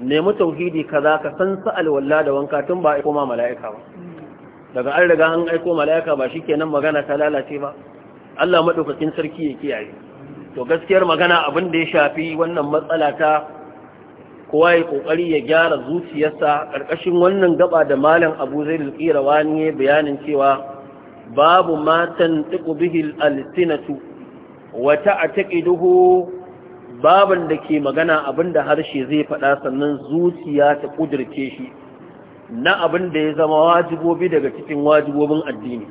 Speaker 1: nemi tauhidi kaza ka san sa'al walla da wanka tun ba aiko ma mala'ika ba daga an riga an aiko mala'ika ba shi kenan magana ta lalace ba Allah maɗaukakin sarki ya kiyaye to gaskiyar magana abin da ya shafi wannan matsala ta kowa ya kokari ya gyara zuciyarsa ƙarƙashin wannan gaba da malam Abu zai al wani ya bayanin cewa babu matan tiqu bihi wata a taƙi duhu. baban da ke magana abin da harshe zai faɗa sannan zuciya ta ƙudurce shi na abin da ya zama wajibobi daga cikin wajibobin addini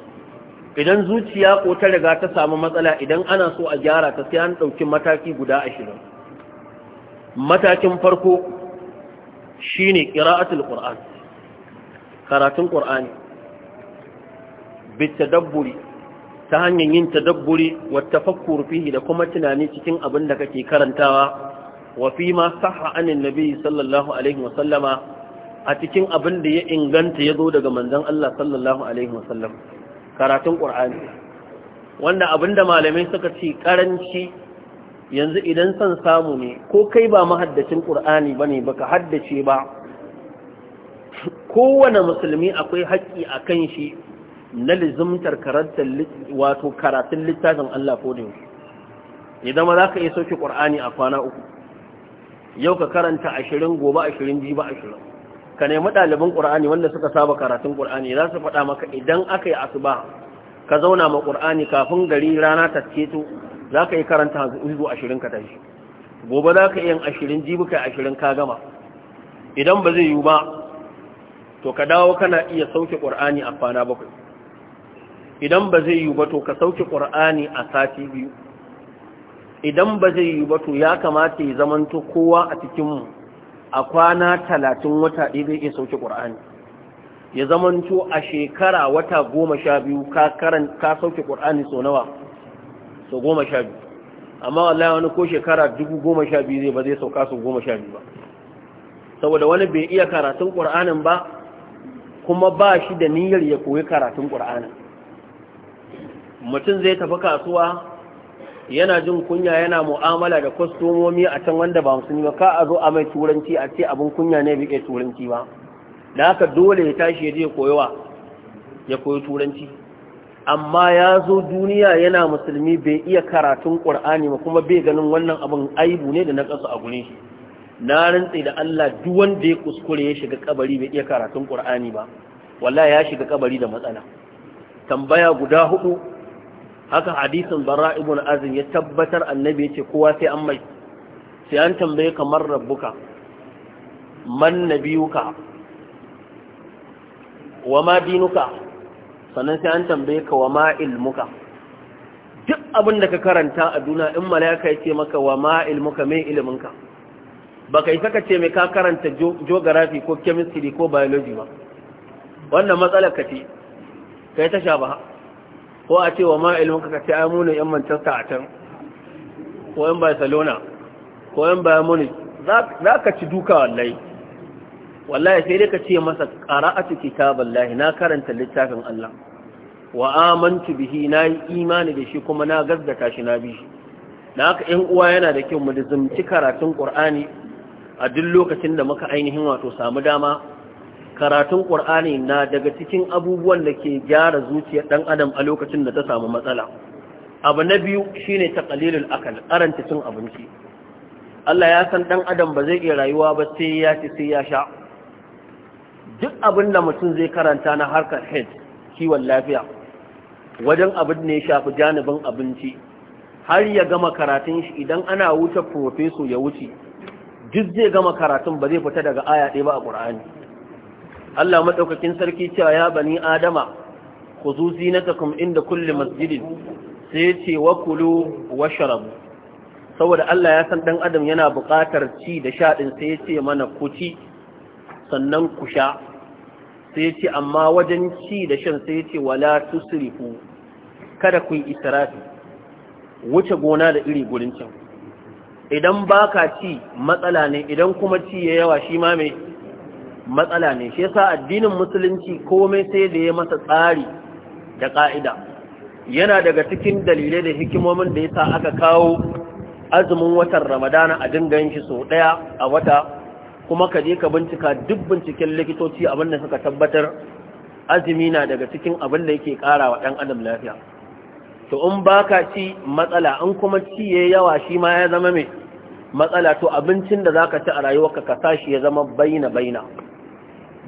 Speaker 1: idan zuciya ko ta riga ta samu matsala idan ana so a gyara ta sai an ɗauki mataki guda ashirin matakin farko shine ƙira'atul ƙur'an karatun ƙur'ani bitta dabburi ta hanyar yin tadabburi wa tafakkur fihi da kuma tunani cikin abin da kake karantawa wa fi ma sahha anin nabi sallallahu alaihi wa sallama a cikin abin da ya inganta yazo daga manzon Allah sallallahu alaihi wa sallam karatun qur'ani wanda abin da malamai suka ce karanci yanzu idan san samu ne ko kai ba mahaddacin qur'ani bane baka haddace ba kowane musulmi akwai haƙƙi akan shi na lizimtar wato karatun littafin Allah ko da idan ma za ka iya sauke ƙur'ani a kwana uku yau ka karanta ashirin gobe ashirin jiba ashirin ka nemi ɗaliban ƙur'ani wanda suka saba karatun ƙur'ani za su faɗa maka idan aka yi asuba ka zauna ma ƙur'ani kafin gari rana ta ceto za ka yi karanta hanzu izu ashirin ka tashi gobe za ka yin ashirin jibi ka ashirin ka gama idan ba zai yiwu ba to ka dawo kana iya sauke ƙur'ani a kwana bakwai idan ba zai yi bato, ka sauki ƙur'ani a sati biyu idan ba zai yi bato, ya kamata ya to kowa a cikinmu a kwana talatin wata ɗaya zai iya sauki ƙur'ani ya to a shekara wata goma sha biyu ka sauki ƙur'ani so nawa so goma sha biyu amma wallahi wani ko shekara dubu goma sha biyu zai ba zai sauka so goma sha biyu ba saboda wani bai iya karatun ƙur'anin ba kuma ba shi da niyyar ya koyi karatun ƙur'anin mutum zai tafi kasuwa yana jin kunya yana mu'amala da kwastomomi a can wanda ba musulmi ba ka a zo a mai turanci a ce abin kunya ne bai turanci ba da haka dole ya tashi ya je koyowa ya koyi turanci amma ya zo duniya yana musulmi bai iya karatun ƙur'ani ba kuma bai ganin wannan abin aibu ne da na ƙasa a gune shi na rantse da Allah duk wanda ya kuskure ya shiga kabari bai iya karatun Kur'ani ba wallahi ya shiga kabari da matsala tambaya guda hudu haka hadisin bara ibn azim ya tabbatar annabi ya ce kowa sai an mai sai an tambaye kamar rabbuka man nabiyuka wa ma dinuka sannan sai an tambaye ka wa ma ilmuka duk abinda ka karanta a duna in malaka ya ce maka wa ma ilmuka mai iliminka baka isa ka ce mai ka karanta geography ko chemistry ko biology ba wannan matsalar ka ce kai ta sha ba ko a ce wa ma ilmin ka ce yan Manchester a can ko yan Barcelona ko yan Bayern Munich za ka ci duka wallahi wallahi sai dai ka ce masa ta kitaballahi na karanta littafin Allah wa amantu bihi na yi imani da shi kuma na gazzata shi na bi shi haka ‘yan uwa yana da kyau mu da zumci karatun ƙur'ani a duk lokacin da muka ainihin wato samu dama karatun ƙur'ani na daga cikin abubuwan da ke gyara zuciyar ɗan adam a lokacin da ta samu matsala abu na biyu shi ne ta taqlilul akal karanta cin abinci Allah ya san ɗan adam ba zai iya rayuwa ba sai ya ci sai ya sha duk abin da mutum zai karanta na harkar Hed kiwon lafiya wajen abin ne shafi janibin abinci har ya gama karatun shi idan ana wuce profeso ya wuce duk zai gama karatun ba zai fita daga aya ɗaya ba a ƙur'ani Allah madaukakin sarki cewa ya bani adama khuzu zinatakum inda kulli masjidin sai ya ce wa kulu wa sharabu saboda Allah ya san ɗan adam yana buƙatar ci da sha din sai ya ce mana ku ci sannan ku sha sai ya ce amma wajen ci da shan sai ya ce wala tusrifu kada ku yi israfi wuce gona da iri gurin can idan baka ci matsala ne idan kuma ci ya yawa shi ma mai matsala ne shi yasa addinin musulunci komai sai da ya masa tsari da ka'ida yana daga cikin dalilai da hikimomin da yasa aka kawo azumin watan ramadana a dinga shi sau ɗaya a wata kuma ka je ka bincika duk binciken likitoci abin da suka tabbatar azumi na daga cikin abin da yake ƙara wa adam lafiya to in baka ci matsala in kuma ci ya yawa shi ma ya zama mai matsala to abincin da zaka ci a rayuwarka ka sashi ya zama baina baina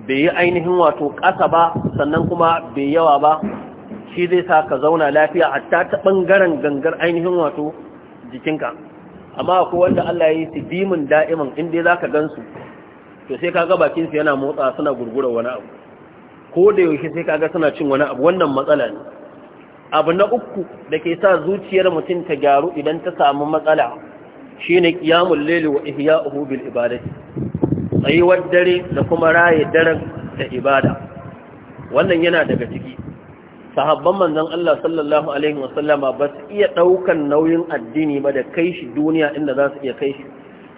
Speaker 1: bai yi ainihin wato ƙasa ba sannan kuma bai yawa ba shi zai sa ka zauna lafiya hatta ta ɓangaren gangar ainihin wato jikinka amma ko wanda Allah ya yi su dimin da'iman inda za ka gan su, to sai ka ga bakinsu yana motsa suna gurgura wani abu ko da yaushe sai ka ga suna cin wani abu wannan matsala ne abu na uku da ke sa zuciyar mutum ta gyaru idan ta samu matsala shine qiyamul layli wa ihya'uhu bil ibadati tsayuwar dare da kuma raye daren da ibada wannan yana daga ciki sahabban manzon Allah sallallahu alaihi wasallama ba su iya daukan nauyin addini ba da kai shi duniya inda za su iya kai shi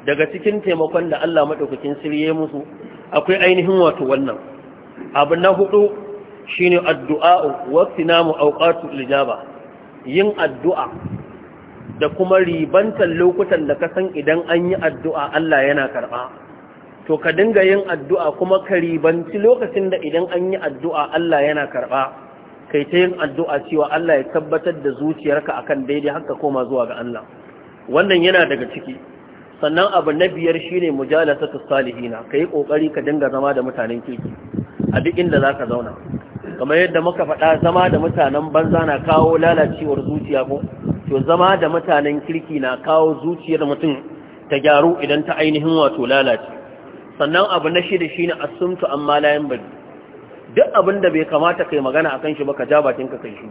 Speaker 1: daga cikin taimakon da Allah madaukakin sirye musu akwai ainihin wato wannan abu na hudu shine addu'a wa sinamu awqatu ijaba yin addu'a da kuma ribantan lokutan da ka san idan an yi addu'a Allah yana karɓa to ka dinga yin addu'a kuma ka ribanci lokacin da idan an yi addu'a Allah yana karɓa kai ta yin addu'a cewa Allah ya tabbatar da zuciyarka akan daidai haka koma zuwa ga Allah wannan yana daga ciki sannan abu na biyar shine mujalasatu salihina kai kokari ka dinga zama da mutanen kirki a duk inda zaka zauna kamar yadda muka faɗa zama da mutanen banza na kawo lalacewar zuciya ko to zama da mutanen kirki na kawo zuciyar mutum ta gyaru idan ta ainihin wato lalace sannan abu na shida shine asumtu amma layan bari duk abin da bai kamata kai magana akan shi ba ka ja bakin ka kai shi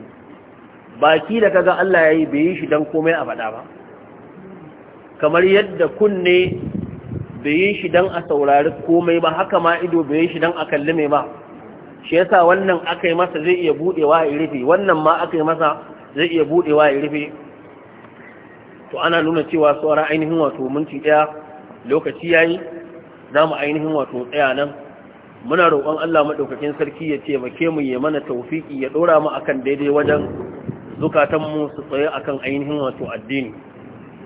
Speaker 1: baki da kaga Allah ya yi bai yi shi dan komai a faɗa ba kamar yadda kunne bai yi shi dan a saurari komai ba haka ma ido bai yi shi dan a kalli mai ba shi yasa wannan aka yi masa zai iya buɗewa ya rufe wannan ma aka yi masa zai iya buɗewa ya rufe to ana nuna cewa sauran ainihin wato minti ɗaya lokaci ya yi. za mu ainihin wato tsaya nan muna roƙon Allah maɗaukakin sarki ya ce taimake mu ya mana taufiki ya ɗora mu akan daidai wajen zukatanmu su tsaye akan ainihin wato addini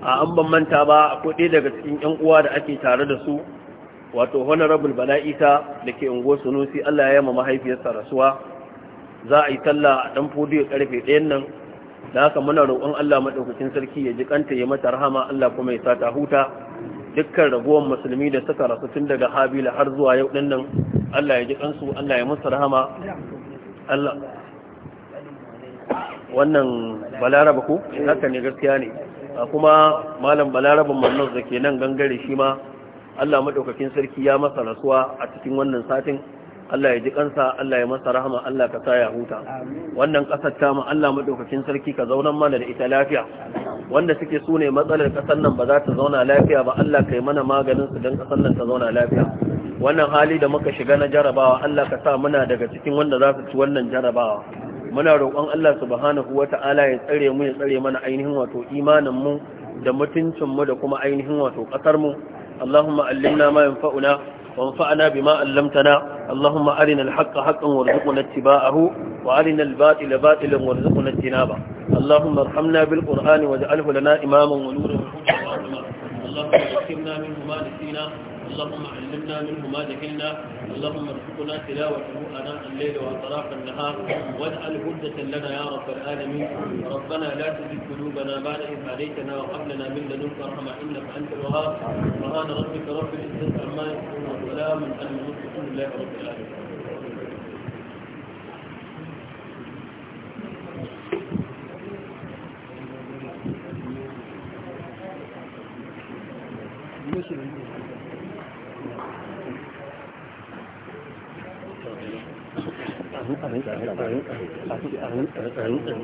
Speaker 1: a an ban manta ba akwai ɗaya daga cikin ƴan uwa da ake tare da su wato honorable Isa da ke ungo sunusi Allah ya ma mahaifiyarsa rasuwa za a yi sallah a ɗan ya ƙarfe ɗayan nan da haka muna roƙon Allah maɗaukakin sarki ya ji kanta ya mata rahama Allah kuma ya sa ta huta dukkan raguwan musulmi da suka rasu tun daga habila har zuwa yau din nan Allah ya ji kansu Allah ya musu rahama Allah wannan balaraba ko haka ne gaskiya ne kuma malam balaraban mannan da ke nan gangare shi ma Allah madaukakin sarki ya masa rasuwa a cikin wannan satin Allah ya ji kansa Allah ya masa rahama Allah ka sa ya huta wannan kasar ta mu Allah madaukakin sarki ka zauna mana da ita lafiya wanda suke su ne matsalar kasar nan ba za ta zauna lafiya ba Allah kai mana maganin su dan kasar nan ta zauna lafiya wannan hali da muka shiga na jarabawa Allah ka sa muna daga cikin wanda za su ci wannan jarabawa muna roƙon Allah subhanahu wata'ala ya tsare mu ya tsare mana ainihin wato imanin mu da mutuncin mu da kuma ainihin wato kasar mu اللهم علمنا ما ينفعنا وانفعنا بما علمتنا اللهم أرنا الحق حقا وارزقنا اتباعه وأرنا الباطل باطلا وارزقنا اجتنابه اللهم ارحمنا بالقرآن واجعله لنا إماما ونورا وحجة اللهم ذكرنا منه ما نسينا اللهم علمنا منه ما جهلنا اللهم ارزقنا تلاوته اناء الليل واطراف النهار واجعل هدة لنا يا رب العالمين ربنا لا تزد قلوبنا بعد اذ هديتنا وقبلنا من لدنك ارحم انك انت الوهاب سبحان ربك رب العزه عما يصفون وسلام على المرسلين لله رب العالمين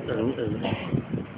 Speaker 2: Thank you.